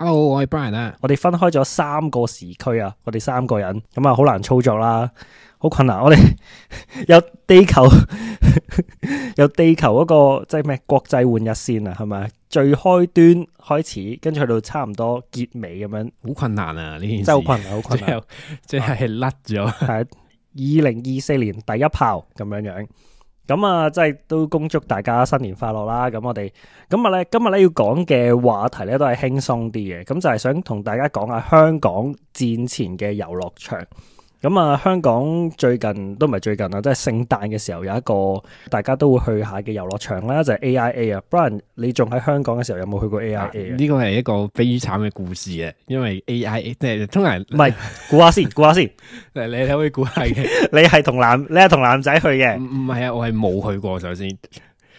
Hello，我係 Brian 啊。我哋分開咗三個時區啊，我哋三個人咁啊，好難操作啦，好困難。我哋由 地球由 地球嗰個即係咩國際換日線啊，係咪最開端開始，跟住去到差唔多結尾咁樣，好困難啊呢件事。好困啊，好困難，即係甩咗。係二零二四年第一炮咁樣樣。咁啊，即係、嗯、都恭祝大家新年快樂啦！咁、嗯、我哋今日咧，今日咧要講嘅話題咧都係輕鬆啲嘅，咁、嗯、就係、是、想同大家講下香港戰前嘅遊樂場。咁啊，香港最近都唔係最近啦，即係聖誕嘅時候有一個，大家都會去下嘅遊樂場咧，就係 AIA 啊。Brian，你仲喺香港嘅時候有冇去過 AIA？呢個係一個悲慘嘅故事啊，因為 AIA 即係通常唔係，估下先，估下先，你你可以估下，你係同男，你係同男仔去嘅，唔唔係啊，我係冇去過首先。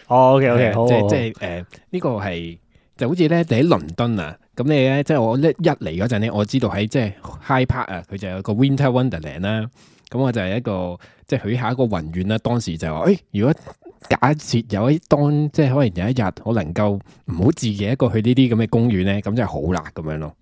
好 OK，OK，好，即係即係誒，呢個係就好似咧，你喺倫敦啊。咁你咧，即係我咧一嚟嗰陣咧，我知道喺即係 High Park 啊，佢就有個 Winter Wonderland 啦。咁我就係一個即係許下一個宏願啦。當時就話，誒，如果假設有一當即係可能有一日我能夠唔好自己一個去呢啲咁嘅公園咧，咁就係好啦咁樣咯。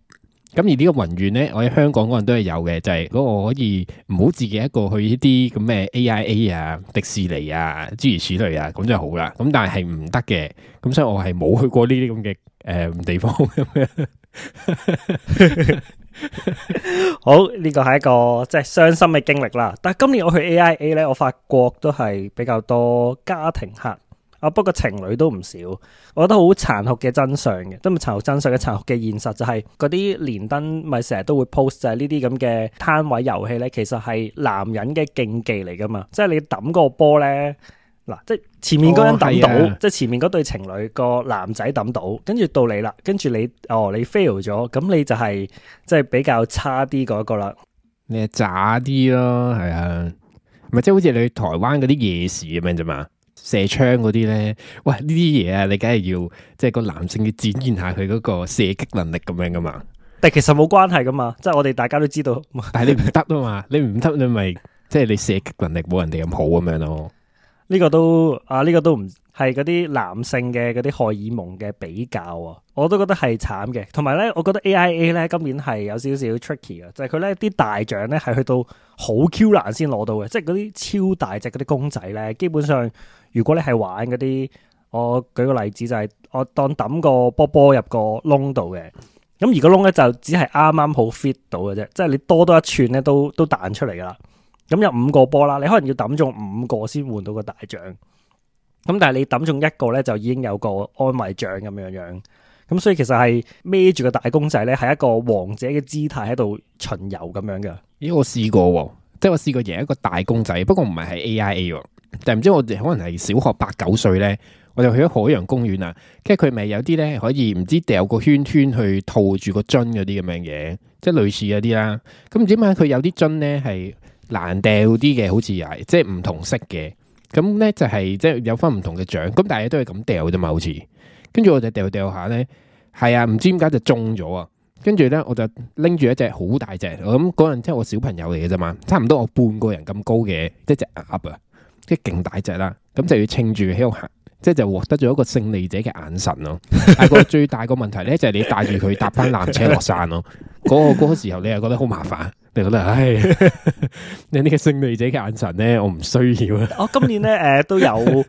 咁而個呢個雲院咧，我喺香港嗰陣都係有嘅，就係如果我可以唔好自己一個去呢啲咁嘅 A I A 啊、迪士尼啊諸如此類啊，咁就好啦。咁但係係唔得嘅，咁所以我係冇去過呢啲咁嘅誒地方樣。 好，呢個係一個即係傷心嘅經歷啦。但係今年我去 A I A 咧，我發覺都係比較多家庭客。啊！不過情侶都唔少，我覺得好殘酷嘅真相嘅，都係殘酷真相嘅殘酷嘅、啊、現實就係嗰啲連登咪成日都會 post 就係呢啲咁嘅攤位遊戲咧，其實係男人嘅競技嚟㗎嘛，即係你抌個波咧，嗱，即係前面嗰人抌到，哦啊、即係前面嗰對情侶個男仔抌到，跟住到你啦，跟住你哦你 fail 咗，咁你就係、是、即係比較差啲嗰一個啦，你係渣啲咯，係啊，咪即係好似你去台灣嗰啲夜市咁樣啫嘛～射槍嗰啲咧，喂呢啲嘢啊，你梗係要即係、就是、個男性要展現下佢嗰個射擊能力咁樣噶嘛？但係其實冇關係噶嘛，即係我哋大家都知道。但係你唔得啊嘛， 你唔得你咪即係你射擊能力冇人哋咁好咁樣咯。呢個都啊呢、呢個都唔係嗰啲男性嘅嗰啲荷爾蒙嘅比較啊，我都覺得係慘嘅。同埋咧，我覺得 AIA 咧今年係有少少 tricky 啊，就係佢咧啲大獎咧係去到好 Q 難先攞到嘅，即係嗰啲超大隻嗰啲公仔咧，基本上。如果你係玩嗰啲，我舉個例子就係、是、我當抌個波波入個窿度嘅，咁而個窿咧就只係啱啱好 fit 到嘅啫，即係你多多一寸咧都都彈出嚟噶啦。咁有五個波啦，你可能要抌中五個先換到個大獎。咁但係你抌中一個咧，就已經有個安慰獎咁樣樣。咁所以其實係孭住個大公仔咧，係一個王者嘅姿態喺度巡遊咁樣嘅。咦，我試過、哦，即係我試過贏一個大公仔，不過唔係喺 AIA。但唔知我哋可能係小學八九歲咧，我就去咗海洋公園啊。跟住佢咪有啲咧可以唔知掉個圈圈去套住個樽嗰啲咁樣嘢，即係類似嗰啲啦。咁唔知點解佢有啲樽咧係難掉啲嘅？好似係即係唔同色嘅。咁咧就係即係有翻唔同嘅獎。咁但係都係咁掉啫嘛，好似跟住我就掉掉下咧，係啊，唔知點解就中咗啊。跟住咧我就拎住一隻好大隻，我諗嗰陣即係我小朋友嚟嘅啫嘛，差唔多我半個人咁高嘅一隻鴨啊。即係勁大隻啦，咁就要稱住佢喺度行，即係就獲得咗一個勝利者嘅眼神咯。但係個最大個問題咧，就係你帶住佢搭翻纜車落山咯。嗰個嗰個時候，你又覺得好麻煩，你覺得唉， 你呢個勝利者嘅眼神咧，我唔需要啊。我今年咧誒、呃、都有。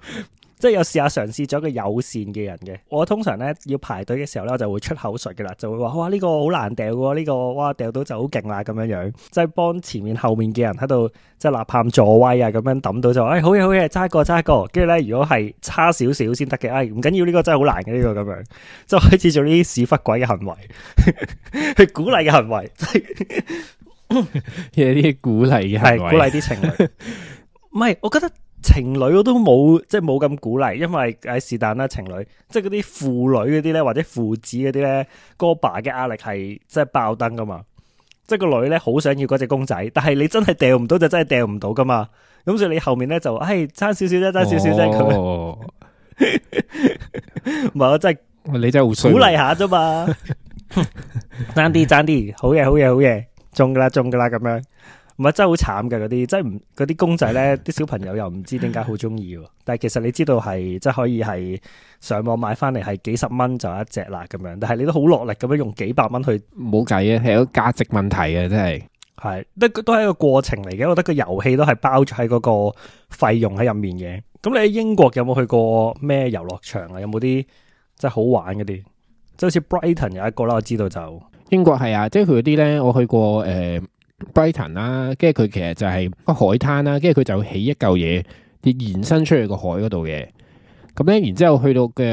即係有試下嘗試咗一個友善嘅人嘅，我通常咧要排隊嘅時候咧，我就會出口術嘅啦，就會話哇呢個好難掉喎，呢個哇掉到就好勁啦咁樣樣，即係幫前面後面嘅人喺度即係吶喊助威啊，咁樣抌到就誒好嘢，好嘢，差一個差一個，跟住咧如果係差少少先得嘅，唉，唔緊要，呢個真係好難嘅呢個咁樣，就開始做呢啲屎忽鬼嘅行為，去鼓勵嘅行為，有啲鼓勵嘅係鼓勵啲情侶，唔係我覺得。情侶我都冇，即係冇咁鼓勵，因為誒是但啦，情侶即係嗰啲父女嗰啲咧，或者父子嗰啲咧，哥爸嘅壓力係即係爆燈噶嘛即係個女咧好想要嗰隻公仔，但係你真係掟唔到就真係掟唔到噶嘛咁所以你後面咧就，誒爭少少啫，爭少少啫佢，唔係我真係你真係好鼓勵下啫嘛，爭啲爭啲，好嘢好嘢好嘢，中噶啦中噶啦咁樣。唔係真係好慘㗎嗰啲，即係唔嗰啲公仔咧，啲小朋友又唔知點解好中意喎。 但係其實你知道係即係可以係上網買翻嚟，係幾十蚊就一隻啦咁樣。但係你都好落力咁樣用幾百蚊去冇計呀，係有個價值問題嘅，真係係都都係一個過程嚟嘅。我覺得個遊戲都係包咗喺嗰個費用喺入面嘅。咁你喺英國有冇去過咩遊樂場啊？有冇啲即係好玩嗰啲？即係好似 Brighton 有一個啦，我知道就英國係啊，即係佢嗰啲咧，我去過誒。呃 Brighton 啦，跟住佢其實就係個海灘啦，跟住佢就起一嚿嘢，啲延伸出去個海嗰度嘅。咁咧，然之後去到嘅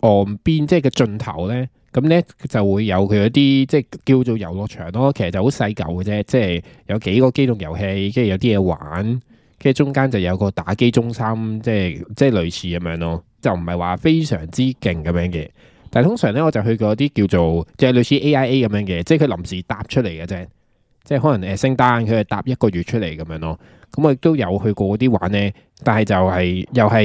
岸邊，即係個盡頭咧，咁咧就會有佢有啲即係叫做遊樂場咯。其實就好細舊嘅啫，即係有幾個機動遊戲，跟住有啲嘢玩，跟住中間就有個打機中心，即係即係類似咁樣咯。就唔係話非常之勁咁樣嘅。但係通常咧，我就去過啲叫做即係類似 AIA 咁樣嘅，即係佢臨時搭出嚟嘅啫。即係可能誒聖誕佢係搭一個月出嚟咁樣咯，咁我亦都有去過嗰啲玩呢，但係就係、是、又係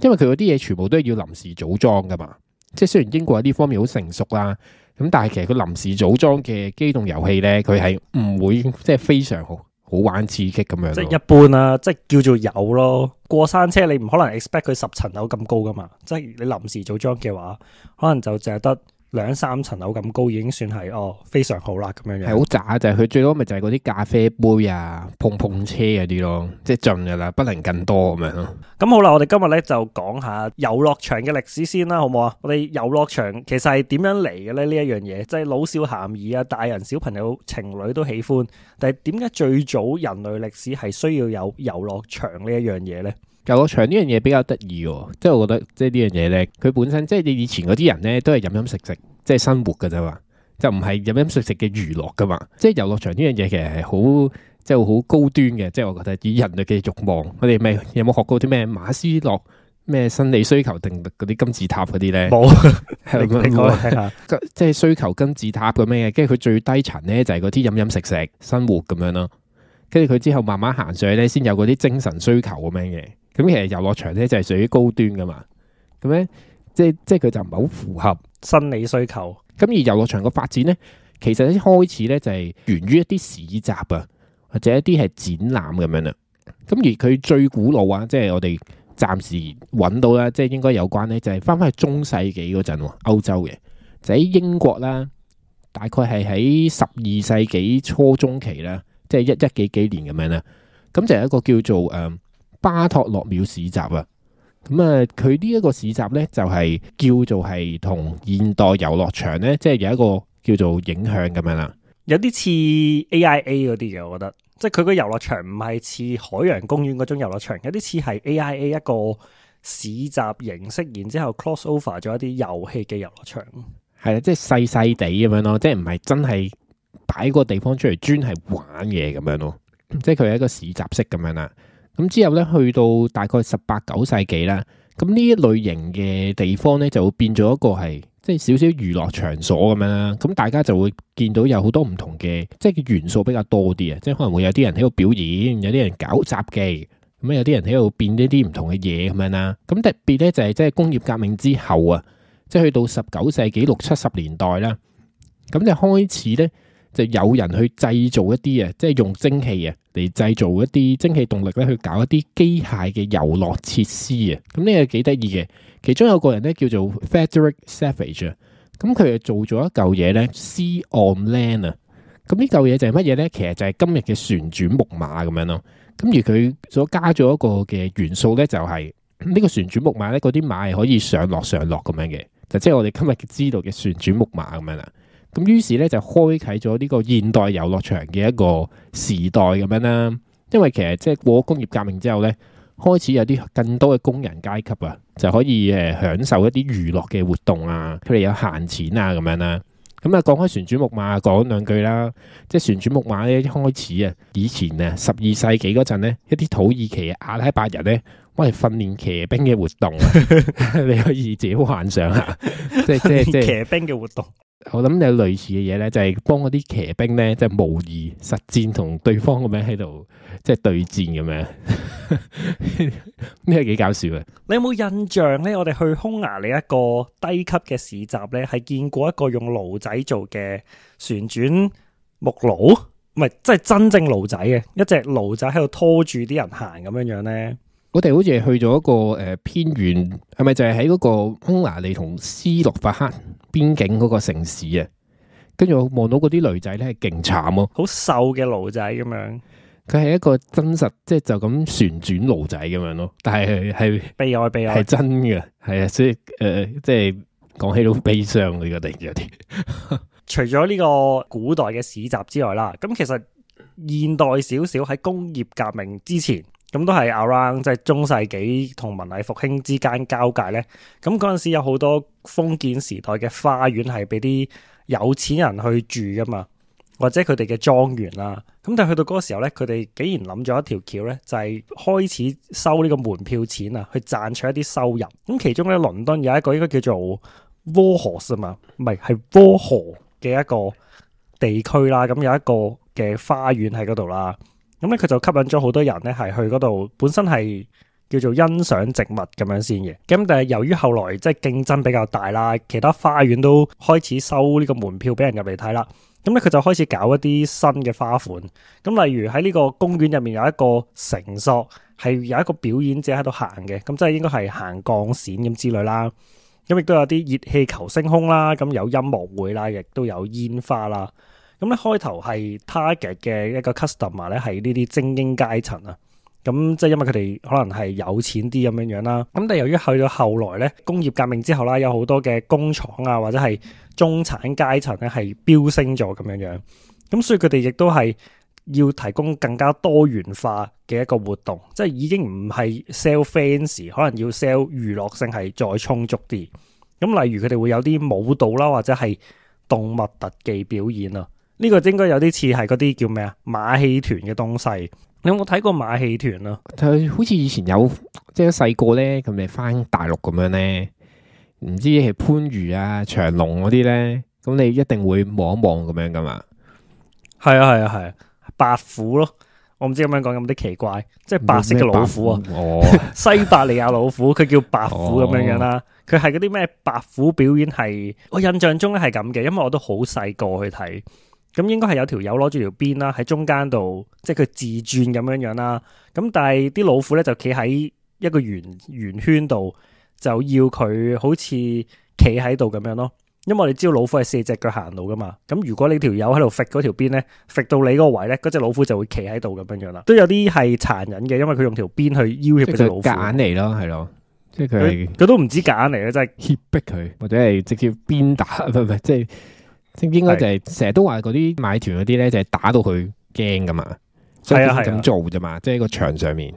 因為佢嗰啲嘢全部都係要臨時組裝噶嘛，即係雖然英國喺呢方面好成熟啦，咁但係其實佢臨時組裝嘅機動遊戲呢，佢係唔會即係非常好好玩刺激咁樣，啊。即係一般啦，即係叫做有咯。過山車你唔可能 expect 佢十層樓咁高噶嘛，即係你臨時組裝嘅話，可能就淨係得兩三層樓咁高已經算係哦，非常好啦咁樣樣。係好渣就係佢最多咪就係嗰啲咖啡杯啊、碰碰車嗰啲咯，即係盡嘅啦，不能更多咁樣咯。咁好啦，我哋今日咧就講下遊樂場嘅歷史先啦，好唔好啊？我哋遊樂場其實係點樣嚟嘅咧？呢一樣嘢即係老少咸宜啊，大人、小朋友、情侶都喜歡。但係點解最早人類歷史係需要有遊樂場呢一樣嘢咧？遊樂場呢樣嘢比較得意，即係我覺得，即係呢樣嘢咧，佢本身即係你以前嗰啲人咧，都係飲飲食食，即係生活噶咋嘛，就唔係飲飲食食嘅娛樂噶嘛。即係遊樂場呢樣嘢，其實係好即係好高端嘅。即係我覺得以人類嘅慾望，我哋咪有冇學過啲咩馬斯洛咩生理需求定嗰啲金字塔嗰啲咧？冇有，你講下即係需求金字塔咁樣嘅。跟住佢最低層咧就係嗰啲飲飲食食生活咁樣咯。跟住佢之後慢慢行上去咧，先有嗰啲精神需求咁樣嘅。咁其實遊樂場咧就係屬於高端噶嘛，咁咧即係即係佢就唔係好符合生理需求。咁而遊樂場個發展咧，其實一開始咧就係源於一啲市集啊，或者一啲係展覽咁樣啦。咁而佢最古老啊，即係我哋暫時揾到啦，即係應該有關咧，就係翻翻去中世紀嗰陣歐洲嘅，就喺英國啦，大概係喺十二世紀初中期啦，即係一一幾幾年咁樣咧。咁就有一個叫做誒。呃巴托洛廟市集啊，咁啊，佢呢一個市集呢，就係叫做係同現代遊樂場呢，即係有一個叫做影響咁樣啦。有啲似 AIA 嗰啲嘅，我覺得，即係佢個遊樂場唔係似海洋公園嗰種遊樂場，有啲似係 AIA 一個市集形式，然之後 cross over 咗一啲遊戲嘅遊樂場。係啊，即係細細地咁樣咯，即係唔係真係擺個地方出嚟專係玩嘢咁樣咯，即係佢係一個市集式咁樣啦。咁之後咧，去到大概十八九世紀啦，咁呢一類型嘅地方咧，就會變咗一個係即係少少娛樂場所咁樣啦。咁大家就會見到有好多唔同嘅，即係元素比較多啲啊。即係可能會有啲人喺度表演，有啲人搞雜技，咁有啲人喺度變呢啲唔同嘅嘢咁樣啦。咁特別咧就係即係工業革命之後啊，即係去到十九世紀六七十年代啦，咁就開始咧。就有人去製造一啲啊，即係用蒸汽啊嚟製造一啲蒸汽動力咧，去搞一啲機械嘅遊樂設施啊。咁、嗯、呢、這個幾得意嘅，其中有個人咧叫做 Frederick Savage 啊、嗯。咁佢又做咗一嚿嘢咧，Sea on Land 啊。咁、嗯這個、呢嚿嘢就係乜嘢咧？其實就係今日嘅旋轉木馬咁樣咯。咁、嗯、而佢所加咗一個嘅元素咧，就係、是、呢個旋轉木馬咧，嗰啲馬係可以上落上落咁樣嘅，就即、是、係我哋今日知道嘅旋轉木馬咁樣啦。咁於是咧，就開啟咗呢個現代遊樂場嘅一個時代咁樣啦。因為其實即係過工業革命之後咧，開始有啲更多嘅工人階級啊，就可以誒享受一啲娛樂嘅活動啊。佢哋有閒錢啊咁樣啦。咁啊，講開旋轉木馬講兩句啦。即係旋轉木馬咧，一開始啊，以前啊，十二世紀嗰陣咧，一啲土耳其阿拉伯人咧，喂訓練騎兵嘅活動、啊， 你可以自己幻想下。 即係即係騎兵嘅活動。我諗你有類似嘅嘢咧，就係幫嗰啲騎兵咧，即係模擬實戰同對方咁樣喺度即係對戰咁樣，咩 幾搞笑呀？你有冇印象咧？我哋去匈牙利一個低級嘅市集咧，係見過一個用驢仔做嘅旋轉木驢，唔係即係真正驢仔嘅一隻驢仔喺度拖住啲人行咁樣樣咧。我哋好似去咗一個誒、呃、偏遠，係咪就係喺嗰個匈牙利同斯洛伐克邊境嗰個城市啊？跟住我望到嗰啲女仔咧，係勁慘哦，好瘦嘅路仔咁樣。佢係一個真實，即係就咁、是、旋轉路仔咁樣咯。但係係悲哀，悲哀係真嘅，係啊，所以誒、呃，即係講起都悲傷嘅，覺地，有啲。除咗呢個古代嘅市集之外啦，咁其實現代少少喺工業革命之前。咁都係 around 即係中世紀同文藝復興之間交界咧。咁嗰陣時有好多封建時代嘅花園係俾啲有錢人去住噶嘛，或者佢哋嘅莊園啦。咁但係去到嗰個時候咧，佢哋竟然諗咗一條橋咧，就係、是、開始收呢個門票錢啊，去賺取一啲收入。咁其中咧，倫敦有一個應該叫做 w 河，l 嘛？唔係係 w 河嘅一個地區啦。咁有一個嘅花園喺嗰度啦。咁咧，佢就吸引咗好多人咧，係去嗰度本身係叫做欣賞植物咁樣先嘅。咁但係由於後來即係競爭比較大啦，其他花園都開始收呢個門票俾人入嚟睇啦。咁咧，佢就開始搞一啲新嘅花款。咁例如喺呢個公園入面有一個繩索，係有一個表演者喺度行嘅。咁即係應該係行鋼線咁之類啦。咁亦都有啲熱氣球升空啦，咁有音樂會啦，亦都有煙花啦。咁咧，開頭係 target 嘅一個 customer 咧，係呢啲精英階層啊。咁即係因為佢哋可能係有錢啲咁樣樣啦。咁但係由於去到後來咧，工業革命之後啦，有好多嘅工廠啊，或者係中產階層咧，係飆升咗咁樣樣。咁所以佢哋亦都係要提供更加多元化嘅一個活動，即係已經唔係 sell fans，可能要 sell 娛樂性係再充足啲。咁例如佢哋會有啲舞蹈啦，或者係動物特技表演啊。.呢個應該有啲似係嗰啲叫咩啊，馬戲團嘅東西，你有冇睇過馬戲團啊？佢好似以前有，即係細個呢，咁你翻大陸咁樣呢？唔知係番禺啊、長隆嗰啲呢。咁你一定會望一望咁樣噶嘛？係啊係啊係、啊，白虎咯，我唔知咁樣講有冇啲奇怪，即係白色嘅老虎啊，虎哦、 西伯利亞老虎，佢叫白虎咁、哦、樣樣啦，佢係嗰啲咩白虎表演係，我印象中係咁嘅，因為我都好細個去睇。咁應該係有條友攞住條鞭啦，喺中間度，即係佢自轉咁樣樣啦。咁但係啲老虎咧就企喺一個圓圓圈度，就要佢好似企喺度咁樣咯。因為我哋知道老虎係四隻腳行路噶嘛。咁如果你條友喺度揈嗰條鞭咧，揈到你嗰、那個位咧，嗰隻老虎就會企喺度咁樣樣啦。都有啲係殘忍嘅，因為佢用條鞭去要挾嗰隻老虎嚟咯，係咯他的。即係佢，佢都唔知揀嚟咯，即係脅逼佢，或者係直接鞭打，唔係即係。應該就係成日都話嗰啲買團嗰啲咧，就係打到佢驚噶嘛，所以咁做啫嘛，的即係個牆上面。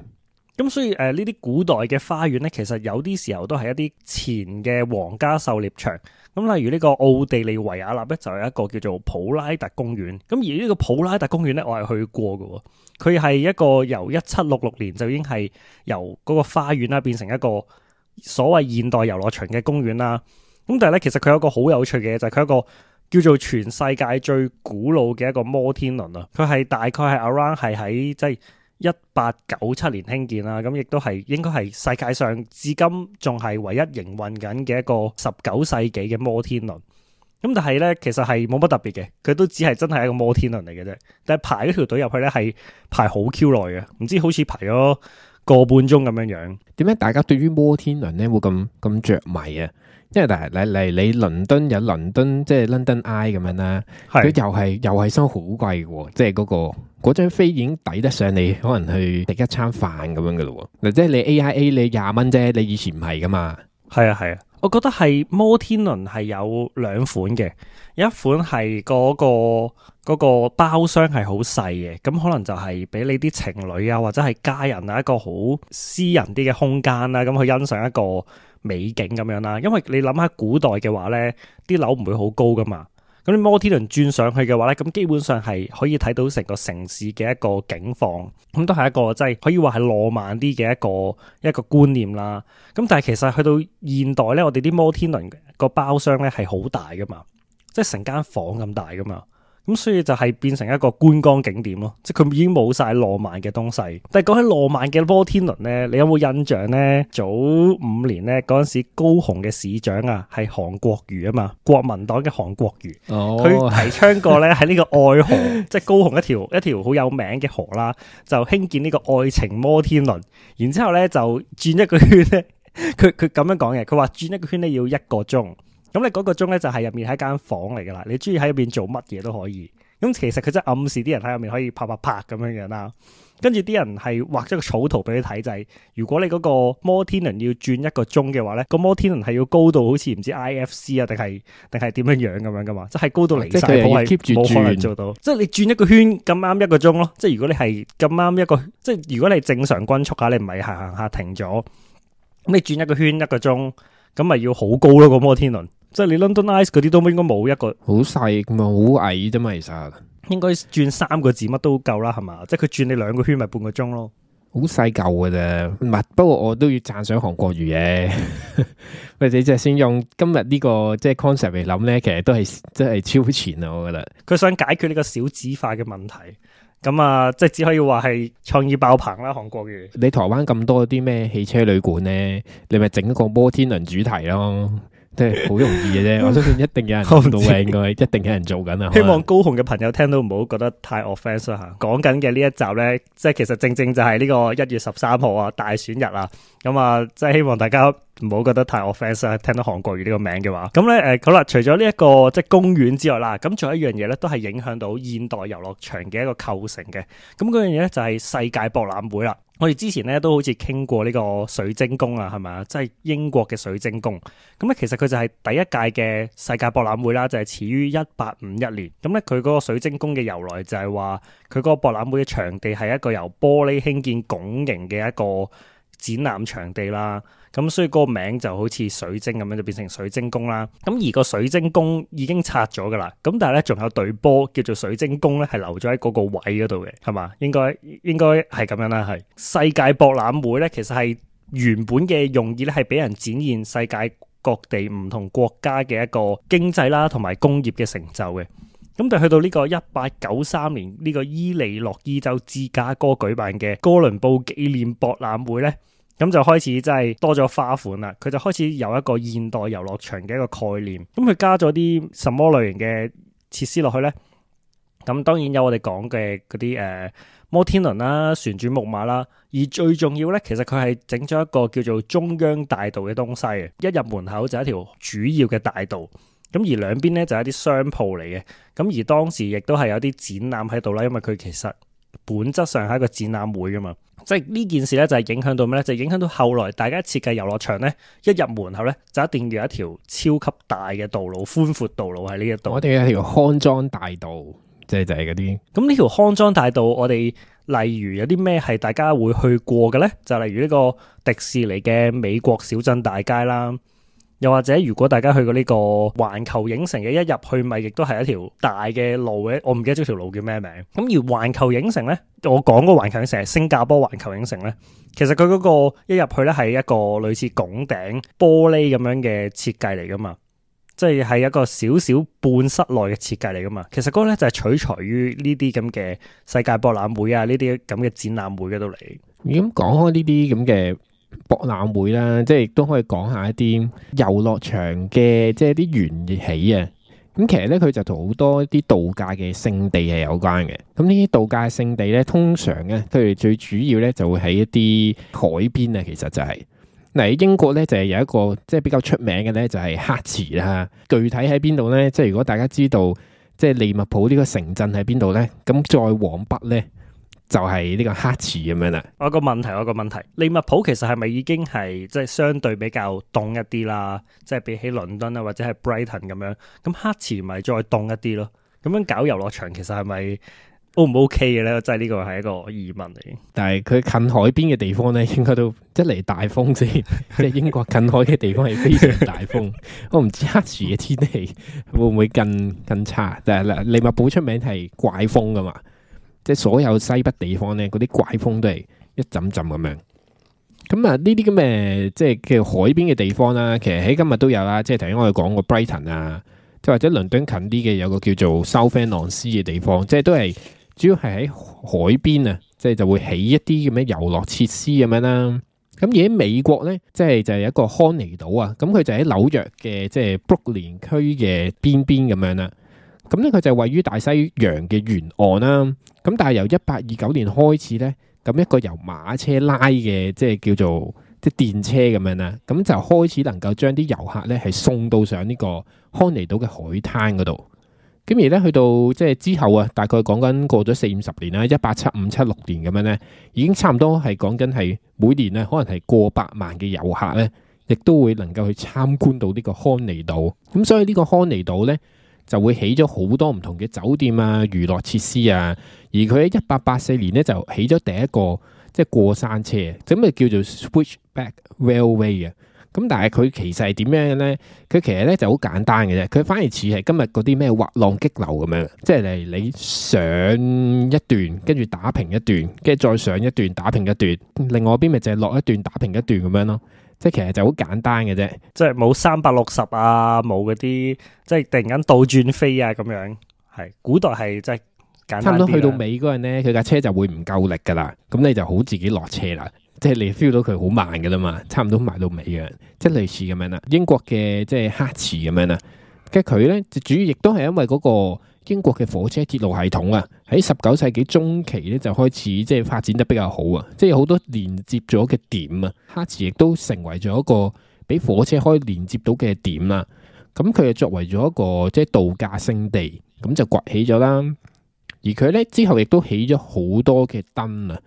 咁所以誒，呢、呃、啲古代嘅花園咧，其實有啲時候都係一啲前嘅皇家狩獵場。咁例如呢個奧地利維也納咧，就有一個叫做普拉特公園。咁而呢個普拉特公園咧，我係去過噶，佢係一個由一七六六年就已經係由嗰個花園啦，變成一個所謂現代遊樂場嘅公園啦。咁但係咧，其實佢有個好有趣嘅嘢，就係、是、佢有個。叫做全世界最古老嘅一個摩天輪啊！佢係大概係 around 係喺即係一八九七年興建啦，咁亦都係應該係世界上至今仲係唯一營運緊嘅一個十九世紀嘅摩天輪。咁但係呢，其實係冇乜特別嘅，佢都只係真係一個摩天輪嚟嘅啫。但係排，條隊排，排一條隊入去呢，係排好 Q 耐嘅，唔知好似排咗個半鐘咁樣樣。點解大家對於摩天輪呢會咁咁着迷啊？因為但係嚟嚟你倫敦有倫敦即係 London Eye 咁樣啦，佢又係又係收好貴嘅喎，即係嗰、啊嗰個嗰張飛已經抵得上你可能去食一餐飯咁樣嘅咯喎，嗱即係你 AIA 你廿蚊啫，你以前唔係噶嘛？係啊係啊，我覺得係摩天輪係有兩款嘅，一款係嗰、嗰個嗰個包廂係好細嘅，咁可能就係俾你啲情侶啊或者係家人啊一個好私人啲嘅空間啦，咁去欣賞一個。美景咁樣啦，因為你諗下古代嘅話呢，啲樓唔會好高㗎嘛，咁你摩天輪轉上去嘅話呢，咁基本上係可以睇到成個城市嘅一個景況，咁都係一個即係可以話係浪漫啲嘅一個一個觀念啦。咁但係其實去到現代呢，我哋啲摩天輪個包廂呢係好大㗎嘛，即係成間房咁大㗎嘛。咁所以就係變成一個觀光景點咯，即係佢已經冇晒浪漫嘅東西。但係講起浪漫嘅摩天輪咧，你有冇印象咧？早五年咧嗰陣時，高雄嘅市長啊係韓國瑜啊嘛，國民黨嘅韓國瑜，佢提倡過咧喺呢個愛河， 即係高雄一條一條好有名嘅河啦，就興建呢個愛情摩天輪。然之後咧就轉一個圈咧，佢佢咁樣講嘅，佢話轉一個圈咧要一個鐘。咁你嗰個鐘咧就係入面喺間房嚟噶啦，你中意喺入邊做乜嘢都可以。咁其實佢真係暗示啲人喺入面可以拍拍拍咁樣樣啦。跟住啲人係畫咗個草圖俾你睇就係、是，如果你嗰個摩天輪要轉一個鐘嘅話咧，個摩天輪係要高到好似唔知 I F C 啊，定係定係點樣樣咁樣噶嘛，即係高到離晒譜，冇可能做到。即係你轉一個圈咁啱一個鐘咯。即係如果你係咁啱一個，即係如果你正常均速下，你唔係行行下停咗，咁你轉一個圈一個鐘，咁咪要好高咯個摩天輪。即係你 London Eye 嗰啲都冇應該冇一個好細，唔係好矮啫嘛。其實應該轉三個字乜都夠啦，係嘛？即係佢轉你兩個圈咪、就是、半個鐘咯，好細嚿嘅啫。唔係，不過我都要讚賞韓國瑜嘅。喂， 你即係先用今日、這個、呢個即係 concept 嚟諗咧，其實都係即係超前啊！我覺得佢想解決呢個少子化嘅問題，咁啊，即係只可以話係創意爆棚啦！韓國瑜，你台灣咁多啲咩汽車旅館咧，你咪整一個摩天輪主題咯。 即係好容易嘅啫，我相信一定有人諗到嘅，應該一定有人做緊啊！希望高雄嘅朋友聽到唔好覺得太 offensive 吓，講緊嘅呢一集咧，即係其實正正就係呢個一月十三號啊，大選日啊，咁啊，即係希望大家。唔好覺得太 offence 啦，聽到韓國語呢個名嘅話，咁咧誒，好啦，除咗呢一個即係公園之外啦，咁仲有一樣嘢咧，都係影響到現代遊樂場嘅一個構成嘅。咁嗰樣嘢咧就係世界博覽會啦。我哋之前咧都好似傾過呢個水晶宮啊，係咪啊？即係英國嘅水晶宮。咁咧其實佢就係第一屆嘅世界博覽會啦，就係始於一八五一年。咁咧佢嗰個水晶宮嘅由來就係話，佢嗰個博覽會嘅場地係一個由玻璃興建拱形嘅一個展覽場地啦。咁所以個名就好似水晶咁樣就變成水晶宮啦。咁而個水晶宮已經拆咗噶啦。咁但係咧，仲有隊波叫做水晶宮咧，係留咗喺嗰個位嗰度嘅，係嘛？應該應該係咁樣啦。係世界博覽會咧，其實，係原本嘅用意咧，係俾人展現世界各地唔同國家嘅一個經濟啦，同埋工業嘅成就嘅。咁但係去到呢個一八九三年呢個伊利諾伊州芝加哥舉辦嘅哥倫布紀念博覽會咧。咁就開始真係多咗花款啦，佢就開始有一個現代遊樂場嘅一個概念。咁佢加咗啲什麼類型嘅設施落去呢？咁當然有我哋講嘅嗰啲誒摩天輪啦、旋轉木馬啦。而最重要呢，其實佢係整咗一個叫做中央大道嘅東西嘅。一入門口就一條主要嘅大道，咁而兩邊呢，就一啲商鋪嚟嘅。咁而當時亦都係有啲展覽喺度啦，因為佢其實本質上係一個展覽會噶嘛。即係呢件事咧，就係影響到咩？咧就影響到後來大家設計遊樂場咧，一入門口咧，就一定要有一條超級大嘅道路，寬闊道路喺呢一度。我哋有條康莊大道，即係就係嗰啲。咁呢條康莊大道，我哋例如有啲咩係大家會去過嘅咧？就例如呢個迪士尼嘅美國小鎮大街啦。又或者，如果大家去過呢個環球影城嘅，一入去，咪亦都係一條大嘅路嘅，我唔記得咗條路叫咩名。咁而環球影城呢，我講個環球影城係新加坡環球影城呢，其實佢嗰個一入去呢，係一個類似拱頂玻璃咁樣嘅設計嚟噶嘛，即係係一個少少半室內嘅設計嚟噶嘛。其實嗰個呢，就係取材於呢啲咁嘅世界博覽會啊，呢啲咁嘅展覽會嘅度嚟。咁講開呢啲咁嘅。博覽會啦，即係亦都可以講下一啲遊樂場嘅，即係啲緣起啊。咁其實呢，佢就同好多啲度假嘅勝地係有關嘅。咁呢啲度假勝地呢，通常呢，佢哋最主要呢，就會喺一啲海邊啊。其實就係，嗱，喺英國呢，就係有一個即係比較出名嘅呢，就係、是、黑池啦。具體喺邊度呢？即係如果大家知道即係利物浦呢個城鎮喺邊度呢？咁再往北呢。就係呢個黑池咁樣啦。我有個問題，我有個問題，利物浦其實係咪已經係即係相對比較凍一啲啦？即係比起倫敦啊，或者係 Brighton 咁樣，咁黑池咪再凍一啲咯？咁樣搞遊樂場其實係咪 O 唔 OK 嘅咧？即係呢個係一個疑問嚟。但係佢近海邊嘅地方咧，應該都一嚟大風先。 即係英國近海嘅地方係非常大風， 我唔知黑池嘅天氣會唔會更更差。但係利物浦出名係怪風噶嘛。即係所有西北地方咧，嗰啲怪風都係一陣陣咁樣。咁啊，呢啲咁嘅即係叫「海邊嘅地方啦、啊，其實喺今日都有啦。即係頭先我哋講過 Brighton 啊，即係、啊、或者倫敦近啲嘅有個叫做 Southend-on-Sea 嘅地方，即係都係主要係喺海邊啊，即係就會起一啲咁嘅遊樂設施咁樣啦、啊。咁而喺美國咧，即係就係一個康尼島啊，咁佢就喺紐約嘅即係 Brooklyn 區嘅邊邊咁樣啦、啊。咁呢，佢就位於大西洋嘅沿岸啦。咁但係由一八二九年開始呢，咁一個由馬車拉嘅，即係叫做即係電車咁樣啦。咁就開始能夠將啲遊客呢係送到上呢個康尼島嘅海灘嗰度。咁而呢，去到即係之後啊，大概講緊過咗四五十年啦，一八七五七六年咁樣呢，已經差唔多係講緊係每年呢，可能係過百萬嘅遊客呢，亦都會能夠去參觀到呢個康尼島。咁所以呢個康尼島呢，就會起咗好多唔同嘅酒店啊、娛樂設施啊，而佢喺一八八四年咧就起咗第一個即係、就是、過山車，咁咪叫做 Switchback Railway 嘅、啊。咁但係佢其實係點樣嘅咧？佢其實咧就好簡單嘅啫，佢反而似係今日嗰啲咩滑浪激流咁樣，即係嚟你上一段，跟住打平一段，跟住再上一段，打平一段，另外邊咪就係落一段，打平一段咁樣咯。即係其實就好簡單嘅啫、啊，即係冇三百六十啊，冇嗰啲即係突然間倒轉飛啊咁樣，係古代係即係簡單。差唔多去到尾嗰陣咧，佢架車就會唔夠力噶啦，咁你就好自己落車啦，即係你 feel 到佢好慢噶啦嘛，差唔多埋到尾嘅，即係類似咁樣啦。英國嘅即係黑池咁樣啦，即係佢咧就主要亦都係因為嗰、嗰個。英國嘅火車鐵路系統啊，喺十九世紀中期咧就開始即係發展得比較好啊，即係好多連接咗嘅點啊。黑池亦都成為咗一個俾火車可以連接到嘅點啊。咁佢就作為咗一個即係度假勝地，咁就崛起咗啦。而佢呢，之後亦都起咗好多嘅燈啊，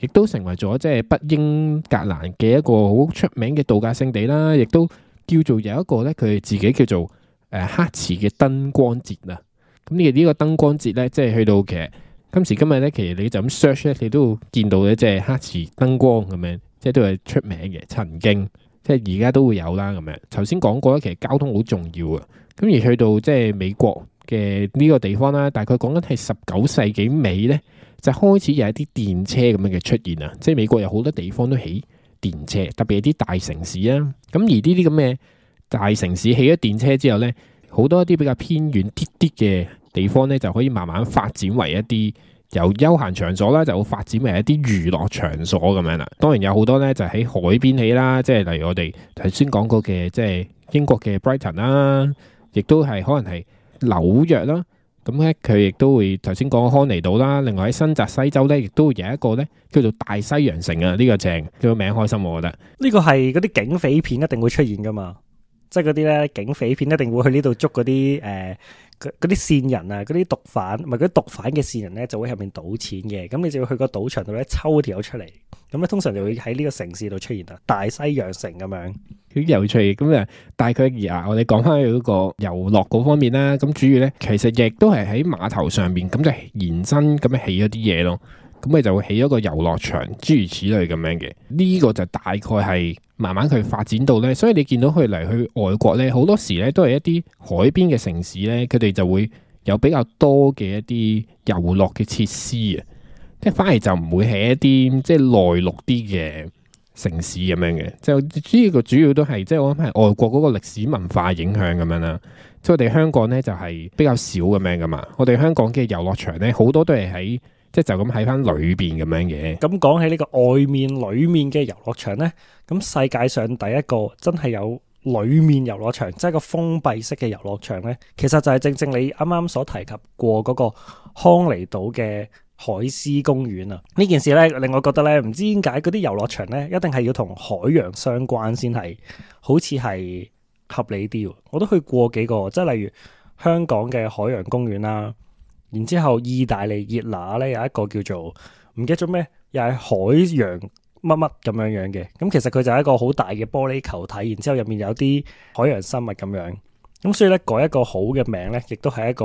亦都成為咗即係北英格蘭嘅一個好出名嘅度假勝地啦。亦都叫做有一個呢，佢自己叫做誒黑池嘅燈光節啊。咁呢個呢個燈光節呢，即係去到其實今時今日呢，其實你就咁 search 呢，你都見到嘅，即係黑池燈光咁樣，即係都係出名嘅。曾經即係而家都會有啦咁樣。頭先講過呢，其實交通好重要啊。咁而去到即係美國嘅呢個地方啦，大概講緊係十九世紀尾呢，就開始有一啲電車咁樣嘅出現啊。即係美國有好多地方都起電車，特別係啲大城市啊。咁而呢啲咁嘅大城市起咗電車之後呢，好多一啲比較偏遠啲啲嘅地方咧，就可以慢慢發展為一啲由休閒場所啦，就會發展為一啲娛樂場所咁樣啦。當然有好多咧，就喺海邊起啦，即係例如我哋頭先講過嘅，即係英國嘅 Brighton 啦，亦都係可能係紐約啦。咁咧佢亦都會頭先講康尼島啦。另外喺新澤西州咧，亦都會有一個咧叫做大西洋城啊，呢個正叫個名開心，我覺得。呢個係嗰啲警匪片一定會出現噶嘛。即係嗰啲咧警匪片一定會去呢度捉嗰啲誒啲線人啊，嗰啲毒販，唔係嗰啲毒販嘅線人咧就會入面賭錢嘅，咁你就要去個賭場度咧抽條出嚟，咁咧通常就會喺呢個城市度出現啦，大西洋城咁樣，好有趣。咁啊，大概而啊，我哋講翻去嗰個遊樂嗰方面啦。咁主要咧，其實亦都係喺碼頭上邊咁就延伸咁樣起咗啲嘢咯。咁你就會起咗個遊樂場，諸如此類咁樣嘅。呢個就大概係。慢慢佢發展到呢，所以你見到佢嚟去外國呢，好多時呢都係一啲海邊嘅城市呢，佢哋就會有比較多嘅一啲遊樂嘅設施啊，即係反而就唔會係一啲即係內陸啲嘅城市咁樣嘅，就主要個主要都係即係我諗係外國嗰個歷史文化影響咁樣啦。即係我哋香港呢就係比較少咁樣㗎嘛，我哋香港嘅遊樂場呢，好多都係喺。即係就咁喺翻裏邊咁樣嘅。咁講起呢個外面、裏面嘅遊樂場呢，咁世界上第一個真係有裏面遊樂場，即係個封閉式嘅遊樂場呢，其實就係正正你啱啱所提及過嗰個康尼島嘅海獅公園啊。呢件事呢，令我覺得呢，唔知點解嗰啲遊樂場呢，一定係要同海洋相關先係，好似係合理啲。我都去過幾個，即係例如香港嘅海洋公園啦、啊。然之後，意大利熱拿咧有一個叫做唔記得咗咩，又係海洋乜乜咁樣樣嘅。咁其實佢就係一個好大嘅玻璃球體，然之後入面有啲海洋生物咁樣。咁所以咧，改一個好嘅名咧，亦都係一個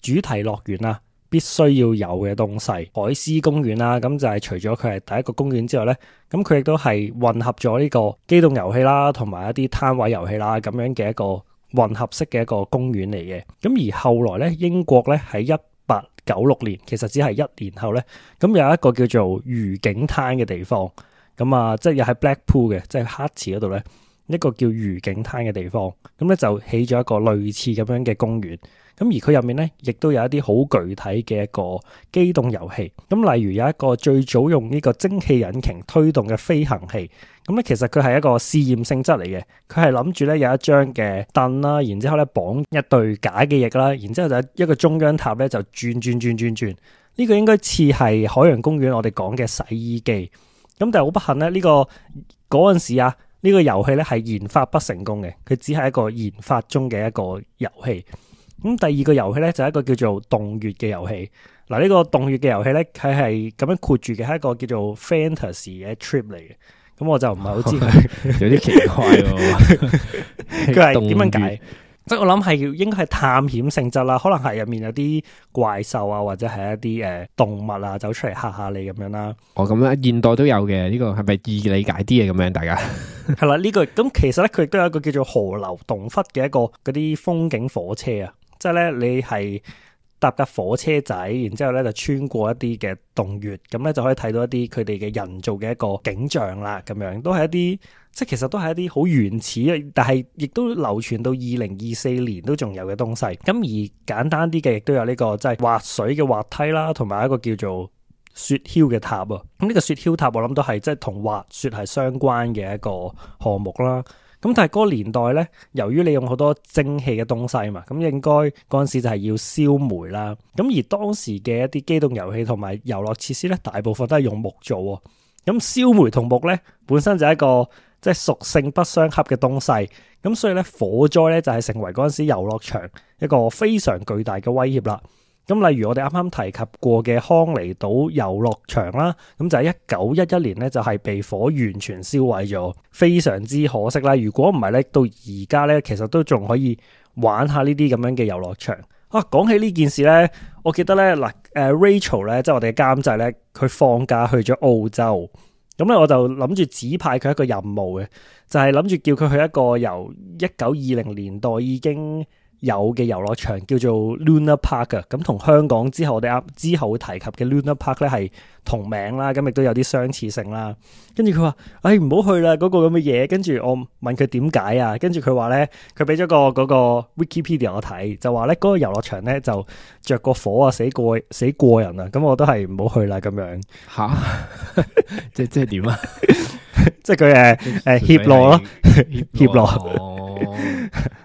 主題樂園啦，必須要有嘅東西。海獅公園啦，咁就係除咗佢係第一個公園之外咧，咁佢亦都係混合咗呢個機動遊戲啦，同埋一啲攤位遊戲啦咁樣嘅一個混合式嘅一個公園嚟嘅，咁而後來咧，英國咧喺一八九六年，其實只係一年後咧，咁有一個叫做漁景灘嘅地方，咁啊，即係又喺 Blackpool 嘅，即係黑池嗰度咧，一個叫漁景灘嘅地方，咁咧就起咗一個類似咁樣嘅公園，咁而佢入面咧，亦都有一啲好具體嘅一個機動遊戲，咁例如有一個最早用呢個蒸汽引擎推動嘅飛行器。咁咧，其實佢係一個試驗性質嚟嘅，佢係諗住咧有一張嘅凳啦，然之後咧綁一對假嘅翼啦，然之後就一個中央塔咧就轉轉轉轉轉。呢、呢個應該似係海洋公園我哋講嘅洗衣機。咁但係好不幸咧，呢、呢個嗰陣時啊，呢、呢個遊戲咧係研發不成功嘅，佢只係一個研發中嘅一個遊戲。咁第二個遊戲咧就係一個叫做《動月》嘅遊戲。嗱、這、呢個《動月》嘅遊戲咧，佢係咁樣括住嘅，係一個叫做《Fantasy 嘅 Trip》嚟嘅。咁我就唔係好知佢， 有啲奇怪喎。佢係點樣解？即係 我諗係要應該係探險性質啦，可能係入面有啲怪獸啊，或者係一啲誒動物啊，走出嚟吓下你咁樣啦。 哦，咁咧現代都有嘅，呢、這個係咪易理解啲啊？咁樣大家係啦，呢、 這個咁其實咧，佢亦都有一個叫做河流洞窟嘅一個嗰啲風景火車啊，即係咧你係。搭架火車仔，然之後咧就穿過一啲嘅洞穴，咁咧就可以睇到一啲佢哋嘅人造嘅一個景象啦。咁樣都係一啲，即係其實都係一啲好原始嘅，但係亦都流傳到二零二四年都仲有嘅東西。咁而簡單啲嘅，亦都有呢個即係滑水嘅滑梯啦，同埋一個叫做雪橇嘅塔啊。咁呢個雪橇塔我諗都係即係同滑雪係相關嘅一個項目啦。咁但係嗰個年代咧，由於你用好多蒸汽嘅東西嘛，咁應該嗰陣時就係要燒煤啦。咁而當時嘅一啲機動遊戲同埋遊樂設施咧，大部分都係用木做。咁燒煤同木咧，本身就係一個即係屬性不相合嘅東西。咁所以咧，火災咧就係成為嗰陣時遊樂場一個非常巨大嘅威脅啦。咁例如我哋啱啱提及過嘅康尼島遊樂場啦，咁就喺一九一一年咧就係被火完全燒毀咗，非常之可惜啦。如果唔係咧，到而家咧，其實都仲可以玩下呢啲咁樣嘅遊樂場啊。講起呢件事咧，我記得咧嗱，誒、呃、Rachel 咧，即係我哋嘅監製咧，佢放假去咗澳洲，咁咧我就諗住指派佢一個任務嘅，就係諗住叫佢去一個由一九二零年代已經。有嘅遊樂場叫做 Luna Park 啊。咁同香港之後我哋啊之後會提及嘅 Luna Park 咧係同名啦，咁亦都有啲相似性啦。跟住佢話：「誒，唔好去啦，嗰、那個咁嘅嘢。跟住我問佢點解啊？跟住佢話咧，佢俾咗個嗰、那個、Wikipedia 我睇，就話咧嗰個遊樂場咧就着個火啊，死過死過人哈 啊！咁我都係唔好去啦，咁樣嚇？即即係點啊？即係佢誒誒怯懦咯，怯懦。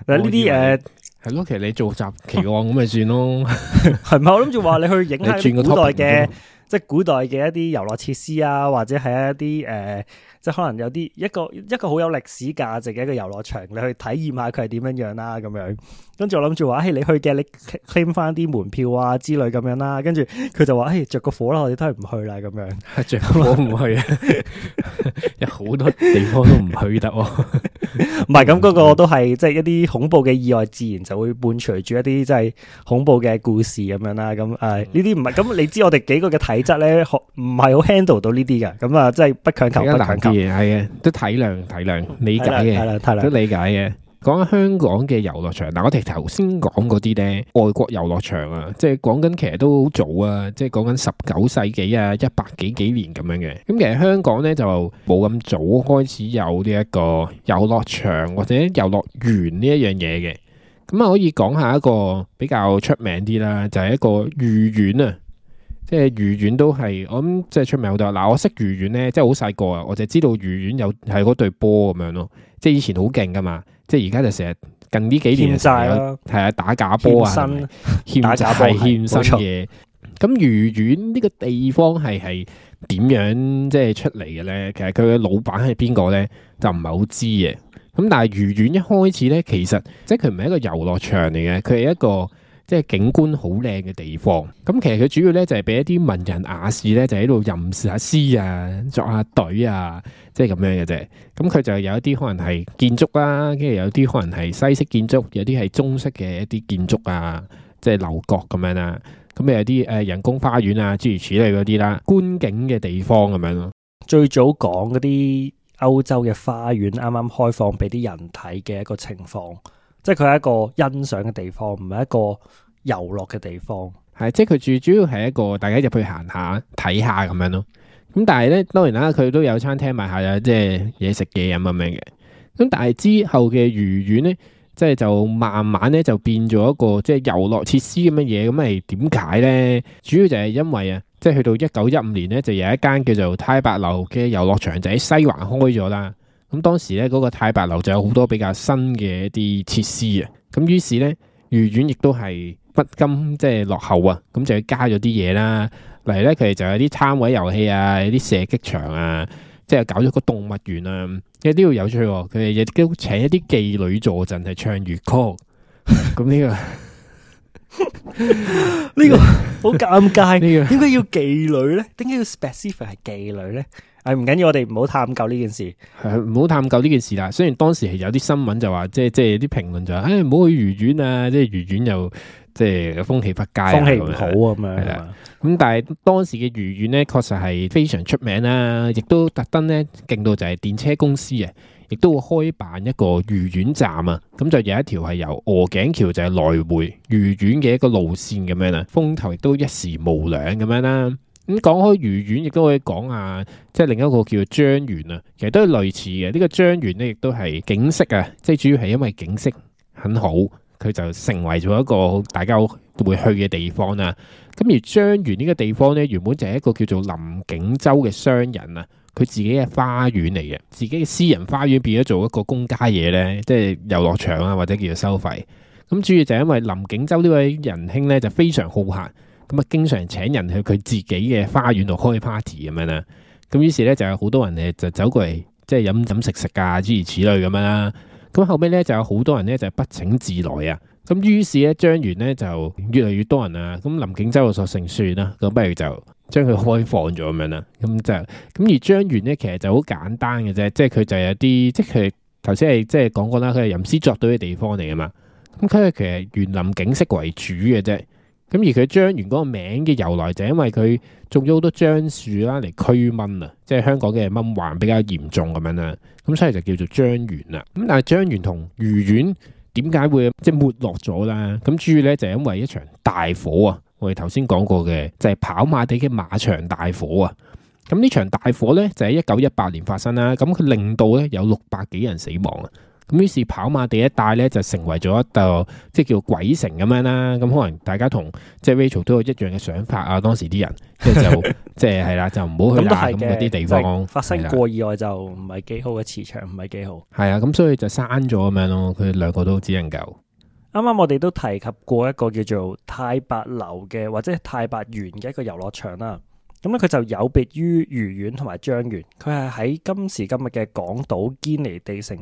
嗱呢啲誒。係咯，其實你做集期案咁咪 算咯。係咪？ 我諗住話你去影下古代嘅。即係古代嘅一啲遊樂設施啊，或者係一啲誒、呃、即係可能有啲一個一個好有歷史價值嘅一個遊樂場，啊欸，你去體驗下佢係點樣樣啦咁樣。跟住我諗住話誒你去嘅，你 claim 翻啲門票啊之類咁樣啦。跟住佢就話誒着個火啦，我哋都係唔去啦咁樣，着火唔去啊？ 有好多地方都唔去得。唔係，咁嗰個都係即係一啲恐怖嘅意外，自然就會伴隨住一啲即係恐怖嘅故事咁樣啦，啊。咁誒呢啲唔係咁，你知我哋幾個嘅睇。其實咧，唔係好 handle 到呢啲嘅，咁啊，真係不強求，比較難見，係嘅，都體諒體諒，理解嘅，係啦，體諒，都理解嘅。講緊香港嘅遊樂場嗱，我哋頭先講嗰啲咧，外國遊樂場啊，即係講緊其實都好早啊，即係講緊十九世紀啊，一百幾幾年咁樣嘅。咁其實香港咧就冇咁早開始有呢一個遊樂場或者遊樂園呢一樣嘢嘅。咁啊，可以講下一個比較出名啲啦，就係一個愉園啊。即係愉園都係，我諗即係出名好多。嗱，我識愉園咧，即係好細個啊，我就知道愉園有係嗰對波咁樣咯。即係以前好勁㗎嘛，即係而家就成日近呢幾年係欠債係啊，打假波啊，是是欠薪債，打假係欠薪嘅。咁愉錯丸呢個地方係係點樣即係出嚟嘅咧？其實佢嘅老闆係邊個咧？就唔係好知嘅。咁但係愉園一開始咧，其實即係佢唔係一個遊樂場嚟嘅，佢係一個。即係景觀好靚嘅地方，咁其實佢主要咧就係俾一啲文人雅士咧就喺度吟下詩啊、作下、啊、對啊，即係咁樣嘅啫。咁佢就有一啲可能係建築啦、啊，跟住有啲可能係西式建築，有啲係中式嘅一啲建築啊，即係樓閣咁樣啦、啊。咁又有啲誒人工花園啊，諸如此類嗰啲啦，觀景嘅地方咁樣咯。最早講嗰啲歐洲嘅花園啱啱開放俾啲人睇嘅一個情況。即係佢係一個欣賞嘅地方，唔係一個遊樂嘅地方。係，即係佢最主要係一個大家入去行下、睇下咁樣咯。咁但係咧，當然啦，佢都有餐廳賣下啊，即係嘢食嘅咁樣嘅。咁但係之後嘅愉園咧，即係就慢慢咧就變咗一個即係遊樂設施咁樣嘢。咁係點解咧？主要就係因為啊，即係去到一九一五年咧，就有一間叫做太白樓嘅遊樂場就喺西環開咗啦。咁當時咧，嗰個太白樓就有好多比較新嘅一啲設施啊！咁於是咧，愉園亦都係不甘即係落後啊！咁就要加咗啲嘢啦，例如咧佢哋就有啲攤位遊戲啊，有啲射擊場啊，即係搞咗個動物園啊，即係都要有趣喎！佢哋亦都請一啲妓女助陣嚟唱粵曲，咁呢 エ、 呢個呢個好尷尬， 呢個、呢個點解要妓女咧？點解要 specific 係妓女咧？係唔緊要，我哋唔好探究呢件事。係唔好探究呢件事啦。雖然當時係有啲新聞就話，即係、哎、即係啲評論就話，誒，唔好去愉園啊，即係愉園又即係風氣不佳，風氣唔好咁樣啦。咁的、嗯、但係當時嘅愉園呢，確實係非常出名啦，亦都特登呢，勁到就係電車公司啊，亦都會開辦一個愉園站啊。咁就有一條係由鵝頸橋就係來回愉園嘅一個路線咁樣啦，風頭亦都一時無兩咁樣啦。咁講開愉園亦都可以講啊，即係另一個叫做張園啊。其實都係類似嘅。呢個張園呢亦都係景色啊，即係主要係因為景色很好，佢就成為咗一個大家會去嘅地方啦。咁而張園呢個地方呢，原本就係一個叫做林景周嘅商人啊，佢自己嘅花園嚟嘅，自己嘅私人花園變咗做一個公家嘢呢，即係遊樂場啊，或者叫做收費。咁主要就係因為林景周呢位仁兄呢，就非常好客。咁啊，經常請人去佢自己嘅花園度開 party 咁樣啦。咁於是咧，就有好多人誒，就走過嚟，即係飲飲食食噶，諸如此類咁樣啦。咁後尾咧，就有好多人咧，就是、不請自來啊。咁於是咧，張園咧就越嚟越多人啊。咁林景周就索性算啦、啊，咁不如就將佢開放咗咁樣啦。咁就咁而張園咧，其實就好簡單嘅啫，即係佢就有啲，即係佢頭先係即係講過啦，佢係吟詩作對嘅地方嚟噶嘛。咁佢係其實園林景色為主嘅啫。咁而佢樟圓嗰個名嘅由來就因為佢種咗好多樟樹啦，嚟驅蚊啊，即係香港嘅蚊患比較嚴重咁樣啦，咁所以就叫做樟圓啦。咁但係樟圓同魚丸點解會即係沒落咗啦？咁主要呢，就因為一場大火啊，我哋頭先講過嘅就係跑馬地嘅馬場大火啊。咁呢場大火呢，就喺一九一八年發生啦，咁佢令到呢有六百幾人死亡啊。咁於是跑馬地一帶咧，就成為咗一個即係叫鬼城咁樣啦。咁可能大家同即係 Rachel 都有一樣嘅想法啊。當時啲人即係 就即係係啦，就唔好去打咁嗰啲地方發生過意外就，就唔係幾好嘅。磁場唔係幾好係啊。咁所以就刪咗咁樣咯。佢兩個都只能夠啱啱我哋都提及過一個叫做太白樓嘅或者太白園嘅一個遊樂場啦。咁咧佢就有別於愉園同埋張園，佢係喺今時今日嘅港島堅尼地城。